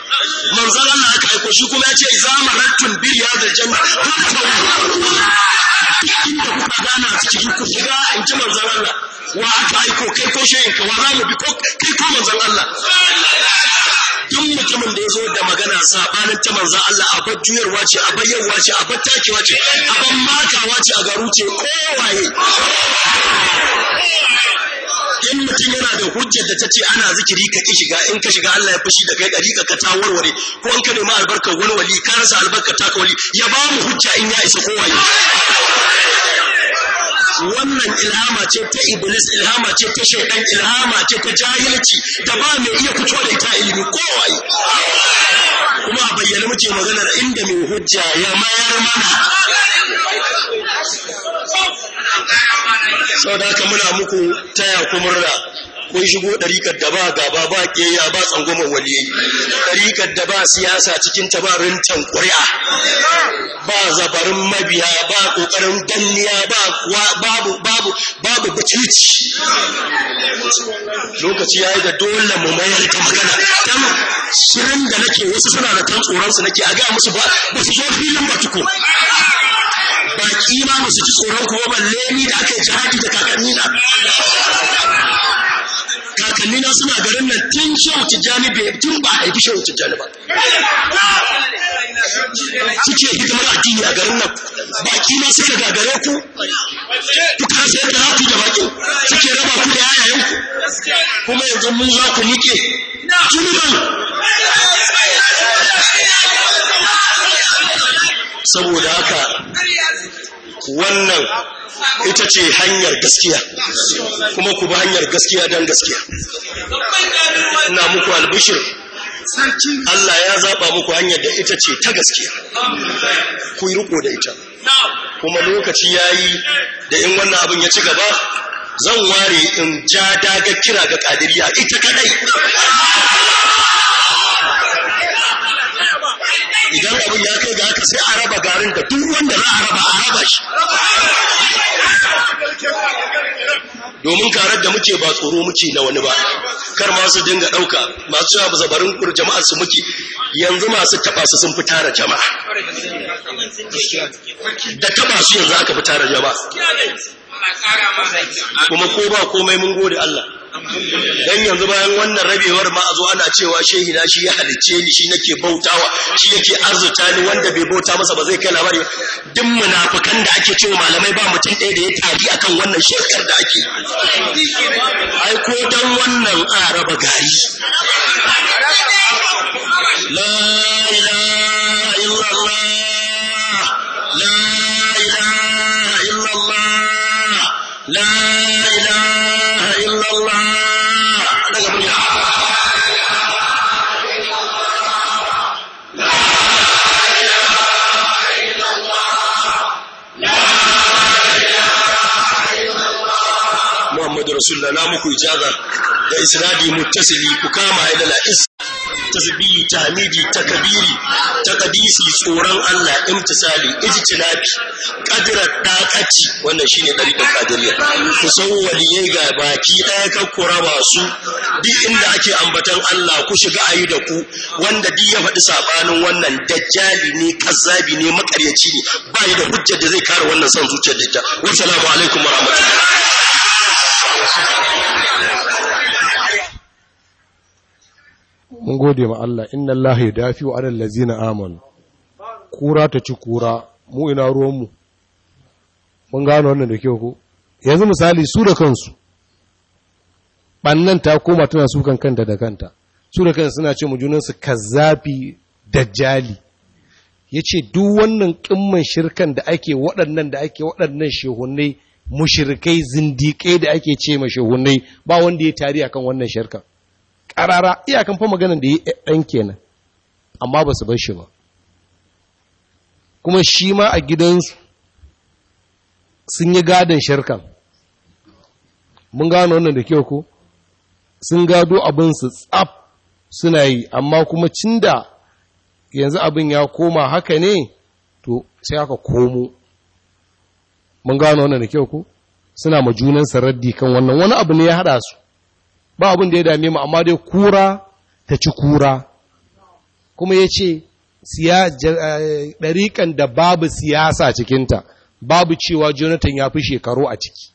Speaker 3: manzon Allah aka aiko shi kuma ya ce idza marattum bi hadal janna inda kuka gana a cikin ku shiga in ji manzon Allah wa aka aiko kai ko shehin ka wa za mu bi ko kai ko manzon Allah duk mutumin da ya zo da magana sabanin ta manzon Allah a bar juyarwa ce a bayyarwa ce a bar takewa ce a bar makawa ce a garu ce kowaye in mutum yana da hujjar da ta ce ana zikiri ka ki shiga in ka shiga Allah ya fushi da kai dariƙa ka ta warware ko an ka nemi albarka wani wali ka rasa albarka ta wali ya ba mu hujja in ya isa kowa wannan ilhama ce ta iblis ilhama ce ta shaidan ilhama ce ta jahilci da ba mai iya fito da ita ilimi kowa kuma a
Speaker 4: bayyana muke maganar inda mai hujja ya mayar mana
Speaker 3: sau da haka muna muku taya ku murna kun shigo ɗarikar da ba gaba ba ƙeya ba tsangomar waliyayi ɗarikar da ba siyasa cikin tabarin tankuriya ba zabarin mabiya ba ƙoƙarin danniya ba babu babu babu lokaci ya yi da dole mu mayar da magana dan shirin da nake wasu suna da tan tsoron nake a ga musu ba ba su zo filin ba baki ma mu su ji tsoron kuma balle ni da aka jihadi da kakanni na kakanni na suna garin nan tun shehu tijjani bai tun ba a haifi shehu tijjani ba
Speaker 4: suke hidimar addini a garin nan baki ma suka gagare
Speaker 3: ku kuka sai da haku da baki suke raba ku da yayayen ku
Speaker 4: kuma yanzu mun za ku nike junuban
Speaker 3: saboda haka wannan ita ce hanyar gaskiya kuma ku bi hanyar gaskiya don gaskiya ina muku albishir Allah ya zaɓa muku hanyar da ita ce ta gaskiya ku yi riko da ita kuma lokaci ya yi da in wannan abin ya ci gaba zan ware in ja daga kira ga ƙadiriya ita kaɗai
Speaker 4: idan abin ya kai ga haka sai a raba garin da duk wanda za a raba a raba shi
Speaker 3: domin karar da muke ba tsoro muke na wani ba kar masu dinga ɗauka masu cewa zabarin kur jama'ar su muke yanzu masu taɓa su sun fi tara jama'a da taɓa su yanzu aka fi tara jama'a kuma ko ba komai mun gode Allah
Speaker 2: dan
Speaker 3: yanzu bayan wannan rabewar ma a zo ana cewa shehi na shi ya halicce ni shi nake bautawa shi yake arzuta ni wanda bai bauta masa ba zai kai labari duk munafikan da ake cewa malamai ba mutum ɗaya da ya tari akan wannan shekar da ake
Speaker 4: ai ko dan wannan
Speaker 3: araba gari la ilaha illallah la ilaha illallah la ilaha illallah daga Muhammadu Rasulullah na muku ijaza da isnadi mutasili ku kama la'is. tasbihi tamidi takbiri takadisi tsoron Allah imtisali ijtilabi qadrat daqati wannan shine da qadiriyya ku san waliyai ga baki daya ka kuraba su duk inda ake ambatan Allah ku shiga ayi da ku wanda duk ya faɗi sabanin wannan dajjali ne kazzabi ne makaryaci ne ba da hujja da zai kare wannan son zuciyar Wa
Speaker 4: salamu alaikum wa warahmatullahi
Speaker 1: mun gode ma Allah inna Allah ya dafi wa adal lazina amanu kura ta ci kura mu ina ruwanmu mun gano wannan da kyau ko yanzu misali su da kansu bannan ta koma tana sukan kanta da kanta su da kansu suna ce mu junansu kazzafi dajjali yace duk wannan kimman shirkan da ake waɗannan da ake waɗannan shehunai mushrikai zindiƙai da ake ce ma shehunai ba wanda ya tari akan wannan shirkan karara iyakan fa maganar da ya ɗan kenan amma ba su bar shi ba kuma shi ma a gidan sun yi gadon shirkan mun gano wannan da kyau ko sun gado abinsu tsaf suna yi amma kuma cinda yanzu abin ya koma haka ne to sai aka komo mun gano wannan da kyau ko suna ma junan kan wannan wani abu ne ya haɗa su ba abin da ya dame mu amma dai kura ta ci kura kuma ya ce eh, ɗariƙan da babu siyasa cikinta babu cewa jonathan ya fi shekaru a ciki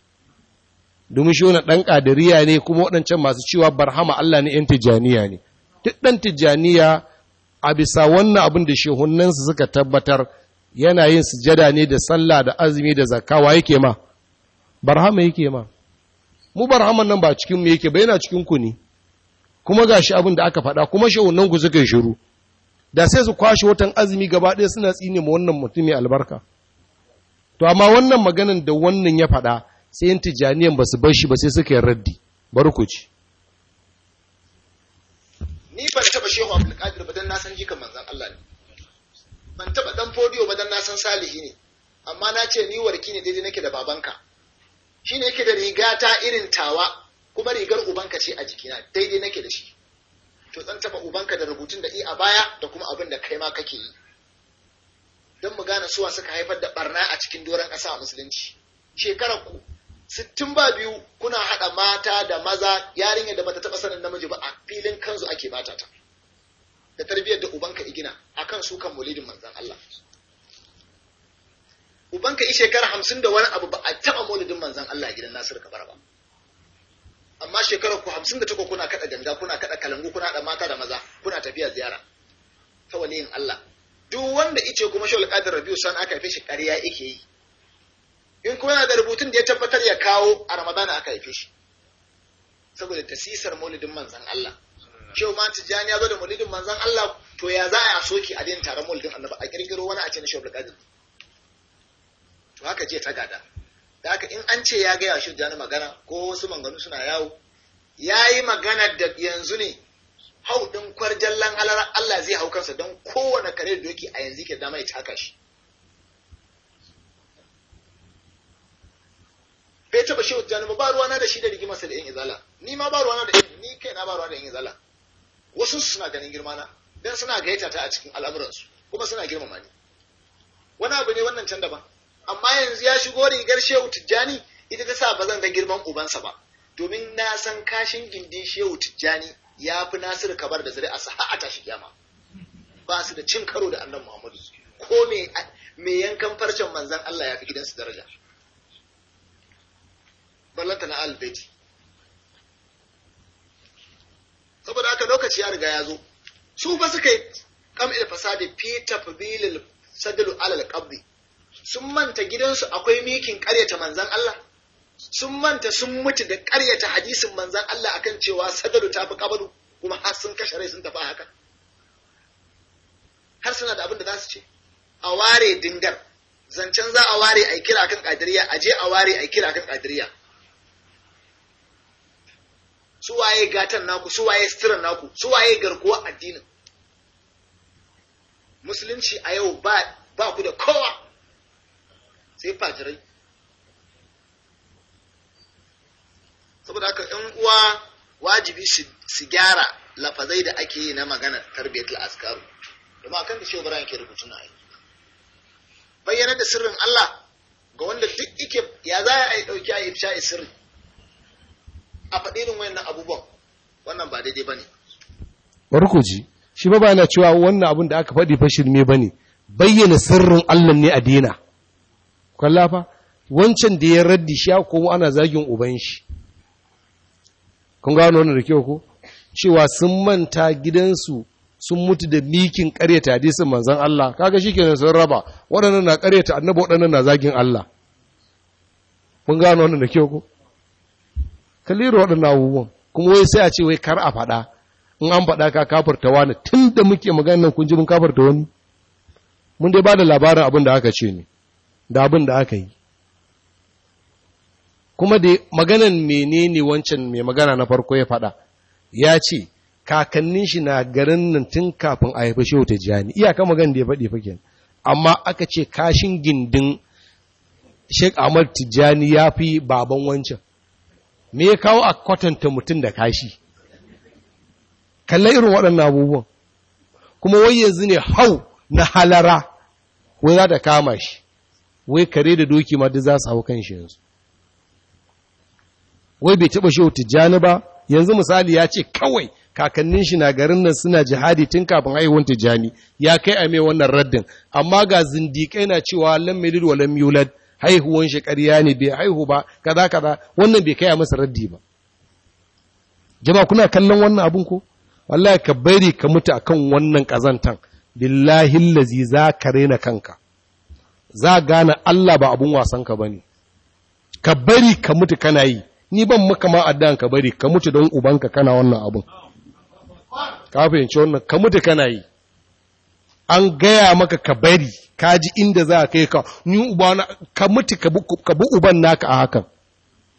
Speaker 1: domin shi wani ɗan ƙadiriya ne kuma waɗancan masu cewa barhama allah ne 'yan tijjaniya ne duk ɗan tijjaniya a bisa wannan abin da shehunansu suka tabbatar yana yin sujada ne da sallah da azumi da zakawa yake ma barhama yake ma mu haman nan ba cikin mu yake ba yana cikin ku ne kuma gashi abin da aka faɗa kuma shehunan ku suka shiru da sai su kwashe watan azumi gaba ɗaya suna tsine ma wannan mutumin albarka to amma wannan maganan da wannan ya faɗa sai yin tijaniyan ba su bar shi ba sai suka yi raddi bari ku ci
Speaker 5: ni ban taba shehu abdulkadir ba dan na san jikan manzan Allah ne ban taba dan fodiyo ba dan na san salihi ne amma na ce ni warki ne daidai nake da babanka shi ne yake da riga ta irin tawa kuma rigar ubanka ce a jikina daidai nake da shi to zan taba ubanka da rubutun da i a baya da kuma abin da kai ma kake yi don mu gane suwa suka haifar da barna a cikin doron ƙasa a musulunci shekarar ku sittin ba biyu kuna haɗa mata da maza yarinya da bata taɓa sanin namiji ba a filin kanzu ake bata ta da tarbiyyar da ubanka igina akan sukan mulidin manzan Allah ubanka yi shekara hamsin da wani abu ba a taɓa maulidin manzan Allah gidan Nasiru bara ba. Amma shekarar ku hamsin da takwas, kuna kaɗa ganga, kuna kaɗa kalangu, kuna da mata da maza, kuna tafiya ziyara. Ta waliyin Allah. Duk wanda ice kuma shawar Qadir Rabiu san aka haife shi ƙarya yake yi. In kuma yana da rubutun da ya tabbatar ya kawo a Ramadana aka haife shi. Saboda tasisar maulidin manzan Allah. Shehu ma tijani ya zo da maulidin manzan Allah to ya za a soke a daina taron maulidin ba. a kirkiro wani a ce na Shaul to haka ce ta gada da haka in an ce ya gaya shi jani magana ko wasu manganu suna yawo ya yi magana da yanzu ne hau ɗin kwarjallan halar Allah zai hau kansa don kowane kare da doki a yanzu ke dama ya taka shi bai taba shi wata ba ruwana da shi da rigimarsa da yan izala ni ma ba ruwana da yin ni kai na ba ruwana da yan izala wasu suna ganin girma na don suna gaita ta a cikin al'amuransu kuma suna girmama ni wani abu ne wannan can daban amma yanzu ya shigo rigar shehu tijjani ita ta sa ba zan ga girman ubansa ba domin na san kashin gindin shehu tijjani ya fi nasiru kabar da zuri'a sa a tashi kiyama ba su da cin karo da annan muhammadu ko me yankan farcen manzan allah ya fi gidansu daraja ballanta na albaiti saboda haka lokaci ya riga ya zo su fa suka yi kam il fasadi fi tafdilil sadlu alal qabdi sun manta gidansu akwai mikin ƙaryata manzan Allah sun manta sun mutu da ƙaryata hadisin manzan Allah akan cewa sadaru ta fi kabaru kuma har sun kashe rai sun tafi haka har suna da abin da za su ce a ware dingar zancen za a ware a kira kan kadiriya a je a ware a kira kan kadiriya su waye gatan naku su waye sitiran naku su waye garkuwa addinin musulunci a yau ba ku da kowa sai fajirai saboda haka ‘yan uwa wajibi su gyara lafazai da ake yi na magana tarbiyyar askaru domin akan da shi bara yake rubutu na aiki bayyana da sirrin Allah ga wanda duk ike ya za a yi ɗauki a ifsha'i sirri a faɗi irin wayannan abubuwan wannan ba daidai ba ne
Speaker 1: barkoji shi ba ba na cewa wannan abin da aka faɗi fa shirme ba ne bayyana sirrin Allah ne a dina Kwallafa, wancan da ya raddi shi ko ana zagin uban shi kun gano wani da kyau ko cewa sun manta gidansu sun mutu da mikin ƙaryata hadisin manzan Allah kaga nan sun raba waɗannan na karyata annabi waɗannan na zagin Allah kun gano wani da kyau ko kaliro waɗannan abubuwan kuma wai sai a ce wai kar a faɗa in an faɗa ka kafarta wani tun da muke maganin kun ji mun kafarta wani mun dai ba da labarin abin da aka ce ne da abin da aka yi kuma da maganan menene wancan mai magana na farko ya faɗa ya ce kakannin shi na garin nan tun kafin a haifi shehu ta jihani iyaka magan da ya faɗi fake amma aka ce kashin gindin Sheik Ahmad Tijjani ya fi baban wancan. Me ya kawo a kwatanta mutum da kashi? Kalla irin waɗannan abubuwan. Kuma wai yanzu ne hau na halara, wai za ta kama shi. wai kare da doki ma duk za su hau kan shi yanzu wai bai taba shehu tijjani ba yanzu misali ya ce kawai kakannin shi na garin nan suna jihadi tun kafin haihuwar tijjani ya kai a mai wannan raddin amma ga zindiƙai na cewa lam wa yulad haihuwan shi ƙarya ne bai haihu ba kaza kaza wannan bai kai a masa raddi ba jama'a kuna kallon wannan abun ko wallahi ka bari ka mutu akan wannan kazantan billahi allazi za ka rena kanka za gane Allah ba abun wasanka ba ne ka bari ka mutu kana yi ni ban maka ma addan ka bari ka mutu don ubanka kana wannan abun ka fahimci wannan ka mutu kana yi an gaya maka ka bari ka ji inda za ka yi ka ni ubana ka mutu ka bi uban naka a hakan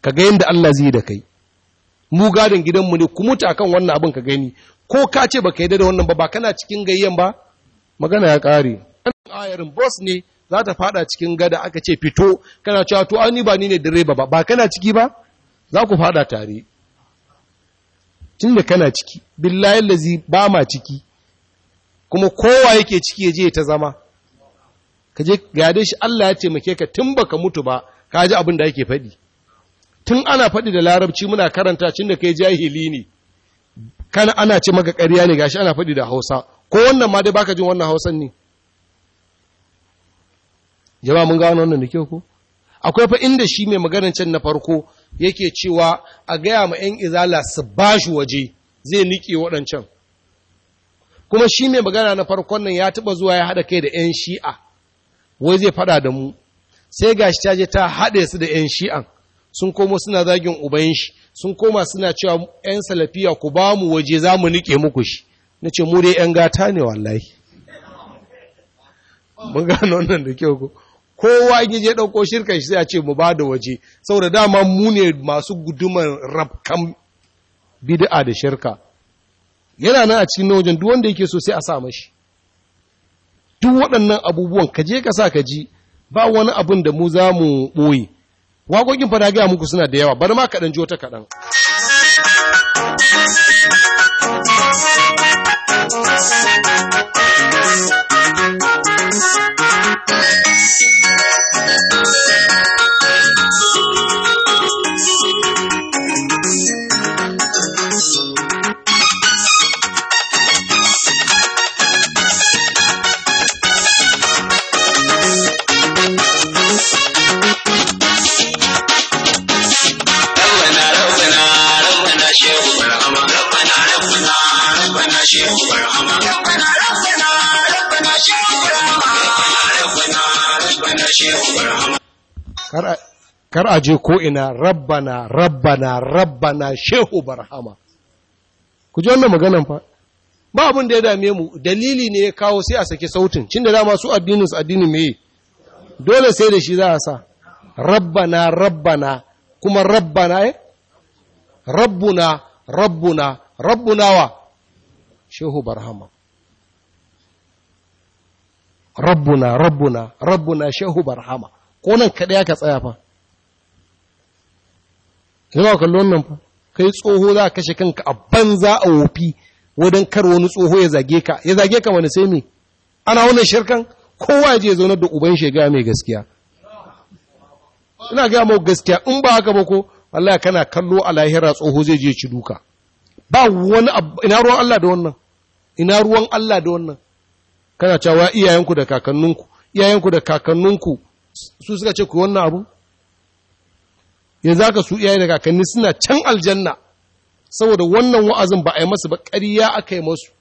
Speaker 1: ka ga yadda Allah zai da kai mu gadin gidanmu ne ku mutu akan wannan abin ka gani ko ka ce baka yi da wannan ba ba kana cikin gayyan ba magana ya kare ayarin boss ne za ta fada cikin gada aka ce fito kana cewa to an ni ba ni ne direba ba ba kana ciki ba za ku fada tare Tun da kana ciki billahi lazi ba ma ciki kuma kowa yake ciki ya je ta zama ka je gade shi Allah ya ce muke ka tun baka mutu ba ka ji abin da yake faɗi tun ana faɗi da larabci muna karanta cin da kai jahili ne kana ana ce maka ƙarya ne gashi ana faɗi da Hausa ko wannan ma dai baka jin wannan Hausan ne jama mun gano wannan da kyau ko akwai fa inda shi mai maganar can na farko yake cewa a gaya ma 'yan izala su bashi waje zai niƙe waɗancan kuma shi mai magana na farkon nan ya taɓa zuwa ya haɗa kai da 'yan shi'a wai zai faɗa da mu sai gashi ta je ta haɗe su da 'yan shi'an sun komo suna zagin uban shi sun koma suna cewa 'yan salafiya ku ba mu waje za mu niƙe muku shi na ce mu dai 'yan gata ne wallahi mun gano wannan da kyau ko kowa in je ɗauko shirka shi sai a ce mu ba da waje saboda dama mu ne masu guduman rabkan bid'a da shirka yana nan a cikin wajen duk wanda yake so sai a sa mashi duk waɗannan abubuwan ka je ka sa ka ji ba wani abin da mu za mu ɓoye waƙoƙin fada gaya muku suna da yawa bari ma kaɗan ji wata kaɗan kar a je ko'ina rabbana rabbana rabbana shehu barhama ku ji wannan maganan fa ba abin da ya dame mu dalili ne ya kawo sai a saki sautin cin da dama su addininsu addinin mai dole sai da shi za a sa rabbana rabbana kuma rabbana eh rabbuna rabbuna wa? shehu barhama rabbuna rabbuna rabbuna shehu barhama ko nan kaɗai aka tsaya fa zama kallon nan fa kai tsoho za a kashe kanka a banza a wofi wadan kar wani tsoho ya zage ka ya zage ka wani sai me ana wannan shirkan kowa je zaune da uban shega mai gaskiya ina ga mu gaskiya in ba haka ba ko wallahi kana kallo a lahira tsoho zai je ci duka ba wani ina ruwan Allah da wannan ina ruwan Allah da wannan kana cewa iyayenku da kakanninku iyayenku da kakanninku su suka ce ku wannan abu yanzu aka su iyaye da kakanni suna can aljanna saboda wannan wa'azin ba a yi masu ba ƙarya aka yi masu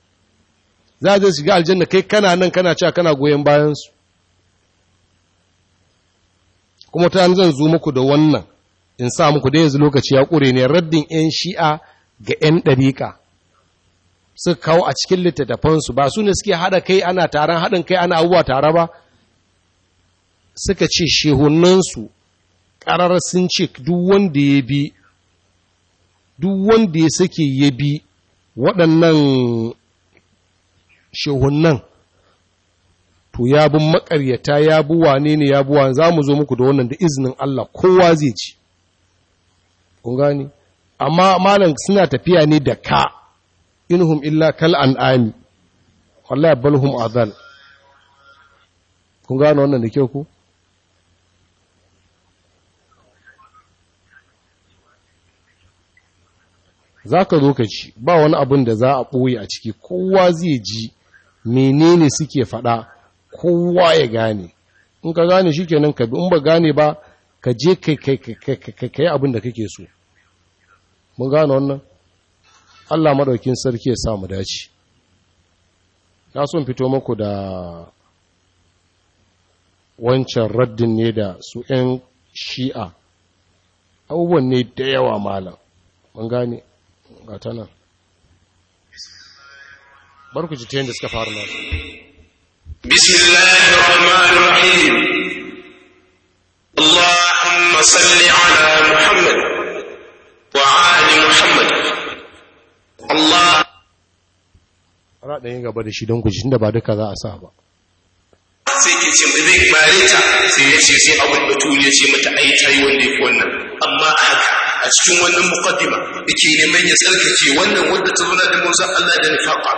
Speaker 1: za a zai shiga aljanna kai kana nan kana cewa kana goyon bayansu kuma ta zan zo muku da wannan in sa muku da yanzu lokaci ya ƙure ne raddin 'yan shi'a ga 'yan ɗariƙa suka kawo a cikin littattafansu ba su ne suke haɗa kai ana taron haɗin kai ana abubuwa tare ba suka ce shehunansu ƙarar sun ce duk wanda ya bi duk wanda ya suke ya bi waɗannan shehunan to ya bi makaryata ya bi wane ne ya bi wane za mu zo muku da wannan da izinin Allah kowa zai ci kun gani amma malam suna tafiya ne da ka inhum illa kal an'ami wallahi balhum adal kun gano wannan da kyau ku za ka zo ka ci ba wani abin da za a ɓoye a ciki kowa zai ji menene suke faɗa kowa ya gane in ka gane shi kenan ka bi in ba gane ba ka je ka yi abin da kake so mun gane wannan Allah maɗaukin sarki ya sa mu dace na son fito muku da wancan raddin ne da su 'yan shi'a abubuwan ne da yawa malam mun gane ga ta nan ku ji ta yadda suka faru nasu
Speaker 4: bismillahirrahmanirrahim Allahumma salli ala
Speaker 1: ɗaya gaba da shi don ku da ba duka za a sa ba
Speaker 6: sai ke ce mai zai bare ta sai ya ce sai abin da tuli ya ce mata ai yi wanda ya fi wannan amma a haka a cikin wannan da ke neman ya tsarkake wannan wanda ta zauna da Musa Allah da nifaqa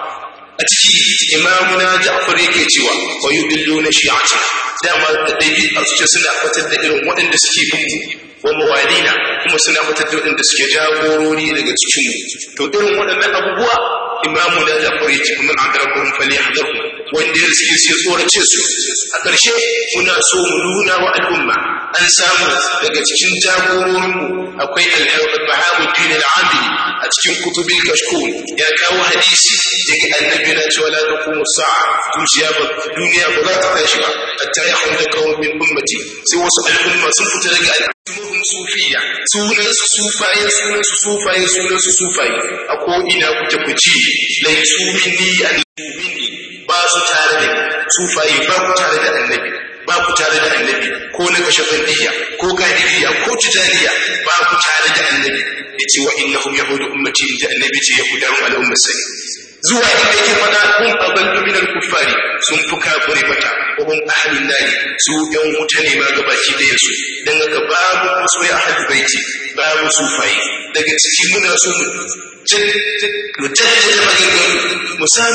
Speaker 6: a ciki imamuna Ja'far yake cewa wa yudilluna shi'ati dama da a suke suna fatar da irin waɗanda suke bugu, wa mawalina kuma suna fitar da waɗanda suke jagorori daga cikinmu to irin waɗannan abubuwa imamu da ya ci kuma an dara kuma fali ya wanda ya suke sai tsorace su a ƙarshe muna so mu nuna wa al'umma an samu daga cikin jagororinmu akwai al-bahamuddin al a cikin kutubin kashkun ya kawo hadisi daga annabi na cewa la taqumu sa'a tushiya ba duniya ba za ta tashi ba a yahum qawmin min ummati sai wasu al'umma sun fita daga al'ummar sufiya sunan su sufaye sunan su sufaye sunan su sufaye a ko ina kuke kuci la yusumini al-mu'min ba su tare da sufaye ba ku tare da annabi ba ku tare da annabi ko na kashe fadiyya ko kadiriya ko tijaniya ba ku tare da annabi yace wa innahum yahudu ummati da annabi ce yahudan al'umma sai zuwa inda yake fada kun aballu min al-kuffari sun fi kafire mata ubun ahlin nari su yan wuta ne ma gabaki da yasu dan haka babu musu ya ahadu baiti babu sufaye daga cikin muna su mu tattala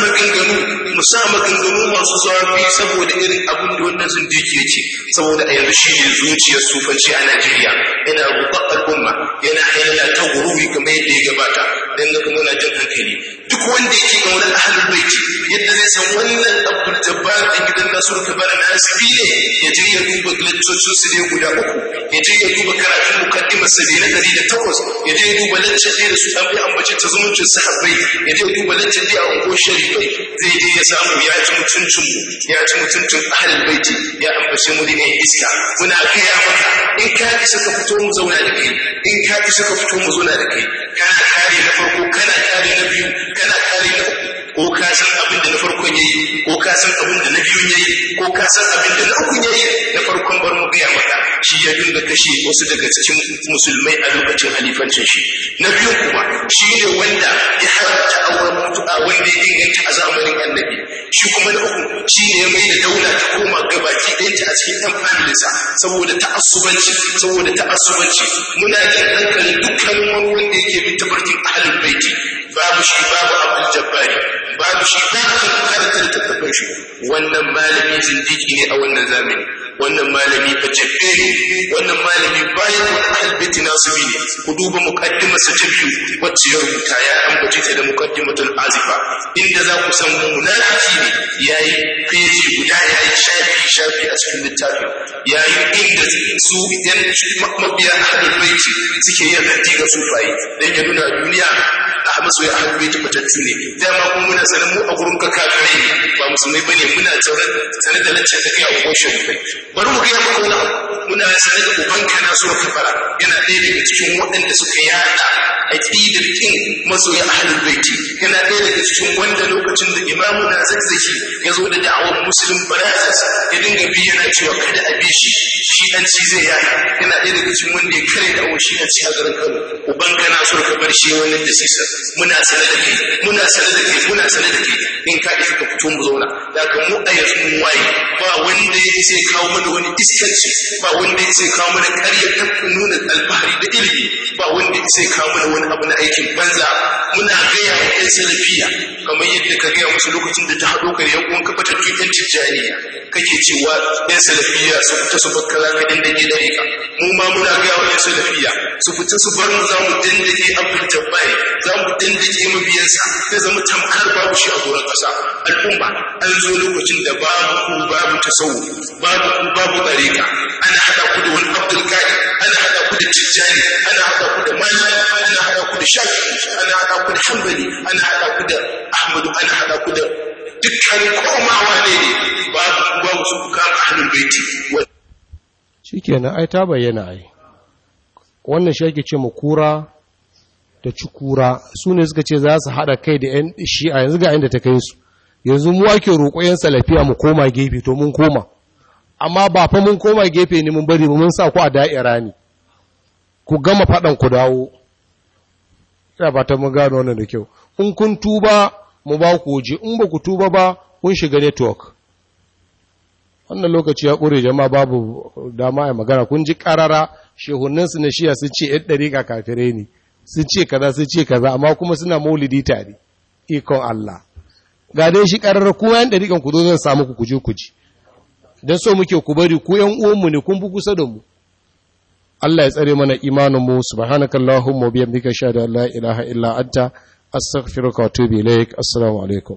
Speaker 6: maganganu mu sa mu sa masu zafi saboda irin abin da wannan sun dike ce saboda a yanzu shi ne zuciyar sufanci a Najeriya yana rubar al'umma yana hailala ta guruwi game yadda ya gabata don ga kuma jin hankali duk wanda yake ga wannan ahlul baiti yadda zai san wannan Abdul Jabbar da gidan Nasiru Kabar na Asibi ne ya je ya duba lectures su ne guda uku ya je ya duba karatun mukaddimar sa ne na takwas, ya je ya duba lectures da su an bi ambaci ta zumuncin sahabbai ya je duba lantin da an ko sharifai zai je ya samu ya ci mutuncin mu ya ci mutuncin ahlul baiti ya ambace mu da iska muna kaya maka in ka ki suka fito mu zauna da kai in ka suka fito mu zauna da kai kana kare na farko kana kare na biyu ko ka san abin da na farkon yayi ko ka san abin da na biyun yayi ko ka san abin da na ukun yi, na farkon bar mu gaya maka shi ya dinga kashe wasu daga cikin musulmai a lokacin halifancin shi na biyun kuma shi ne wanda ya haramta auren mutu'a wanda ya inganta a zamanin annabi shi kuma na uku shi ne ya mai da daula ta koma gabaki ɗayanta a cikin ɗan familinsa saboda ta'assubanci saboda ta'assubanci muna jin hankalin dukkan wani wanda yake bin tabarkin ahalin baiti babu shi babu abdul jabbari babu shi babu karatun tattafan shi wannan malamin zindiki ne a wannan zamani wannan malami fajibbe ne wannan malami bayan albiti nasibi ne ku duba muqaddimarsa ta biyu wacce ya rubuta ya ambace ta da mukaddimatul azifa inda za ku san munafiki ne yayi feji guda yayi shafi shafi a cikin littafin yayi inda su idan mabiya ahlul baiti suke yin haddi ga sufaye dan ya nuna duniya Ahmad soyi Ahmad bai matattu ne dama kuma muna sanin mu a gurin ka kafirai ba musulmai bane muna tsaron sanar da lancin ta a kwashe bari mu gaya maka wani muna sanar da ubanka na so fara. yana ɗaya daga cikin waɗanda suka yada a aqidar kin masoya ahlul baiti yana ɗaya daga cikin wanda lokacin da imamu na zazzaki ya zo da da'awar muslim bara ya dinga bi yana cewa kada a bi shi shi an ci zai yayi yana ɗaya daga cikin wanda ya kare da'awar shi an ci a garin Kano ubanka na so ka bar shi wannan da sisa muna sanar da kai muna sanar da kai muna sanar da kai in ka isa ka fito mu zauna da mu a yanzu mun waye ba wanda ya sai kawo Wani wani iskanci ba wanda ya kawo mana ƙarya ta nuna alfahari da ilimi ba wanda ya sai kawo mana wani abu na aikin banza muna gaya wa ‘yan salafiya kamar yadda ka gaya musu lokacin da ta haɗo ka yan uwan kafa ta tukin tijjaniya kake cewa ‘yan salafiya su fita su bakkala ka inda ke dare ka mu ma muna gaya wa ‘yan salafiya su fita su bar mu za mu dindike abin jabbar za mu dindike mabiyansa sai zama tamkar babu shi a doron ƙasa al'umma an zo lokacin da babu ku babu tasawu babu ku babu ɗarika ana haɗa ku da wani abdul kadi ana haɗa ku da tijjani ana haɗa ku da Malam, ana haɗa ku da shafi ana haɗa ku da hambali ana haɗa ku da ahmadu ana haɗa ku da dukkan komawa ne babu babu su kama ahlul baiti
Speaker 1: shikenan ai ta bayyana ai wannan shi ake ce ma kura da cikura su ne suka ce za su haɗa kai da 'yan shi'a yanzu ga inda ta kai su yanzu mu ake roƙo 'yan salafiya mu koma gefe to mun koma amma ba fa mun koma gefe ne mun bari mun sa ku a da'ira ne ku gama faɗan ku dawo ya ba ta mun gano wannan da kyau in kun tuba mu ba ku je in ba ku tuba ba kun shiga network wannan lokaci ya ƙure jama'a babu dama ya magana kun ji ƙarara shehunnansu na shiya sun ce ‘yan ɗariƙa kafirai ne sun ce kaza sun ce kaza amma kuma suna maulidi tare ikon Allah ga dai shi ƙarar kuma ‘yan ɗariƙan ku zo zan samu ku kuje kuji don so muke ku bari ku ‘yan uwanmu ne kun bukusa kusa da mu Allah ya tsare mana imanin mu subhanaka allahumma biyamdika shahada la ilaha illa anta astaghfiruka wa atubu ilaik assalamu alaikum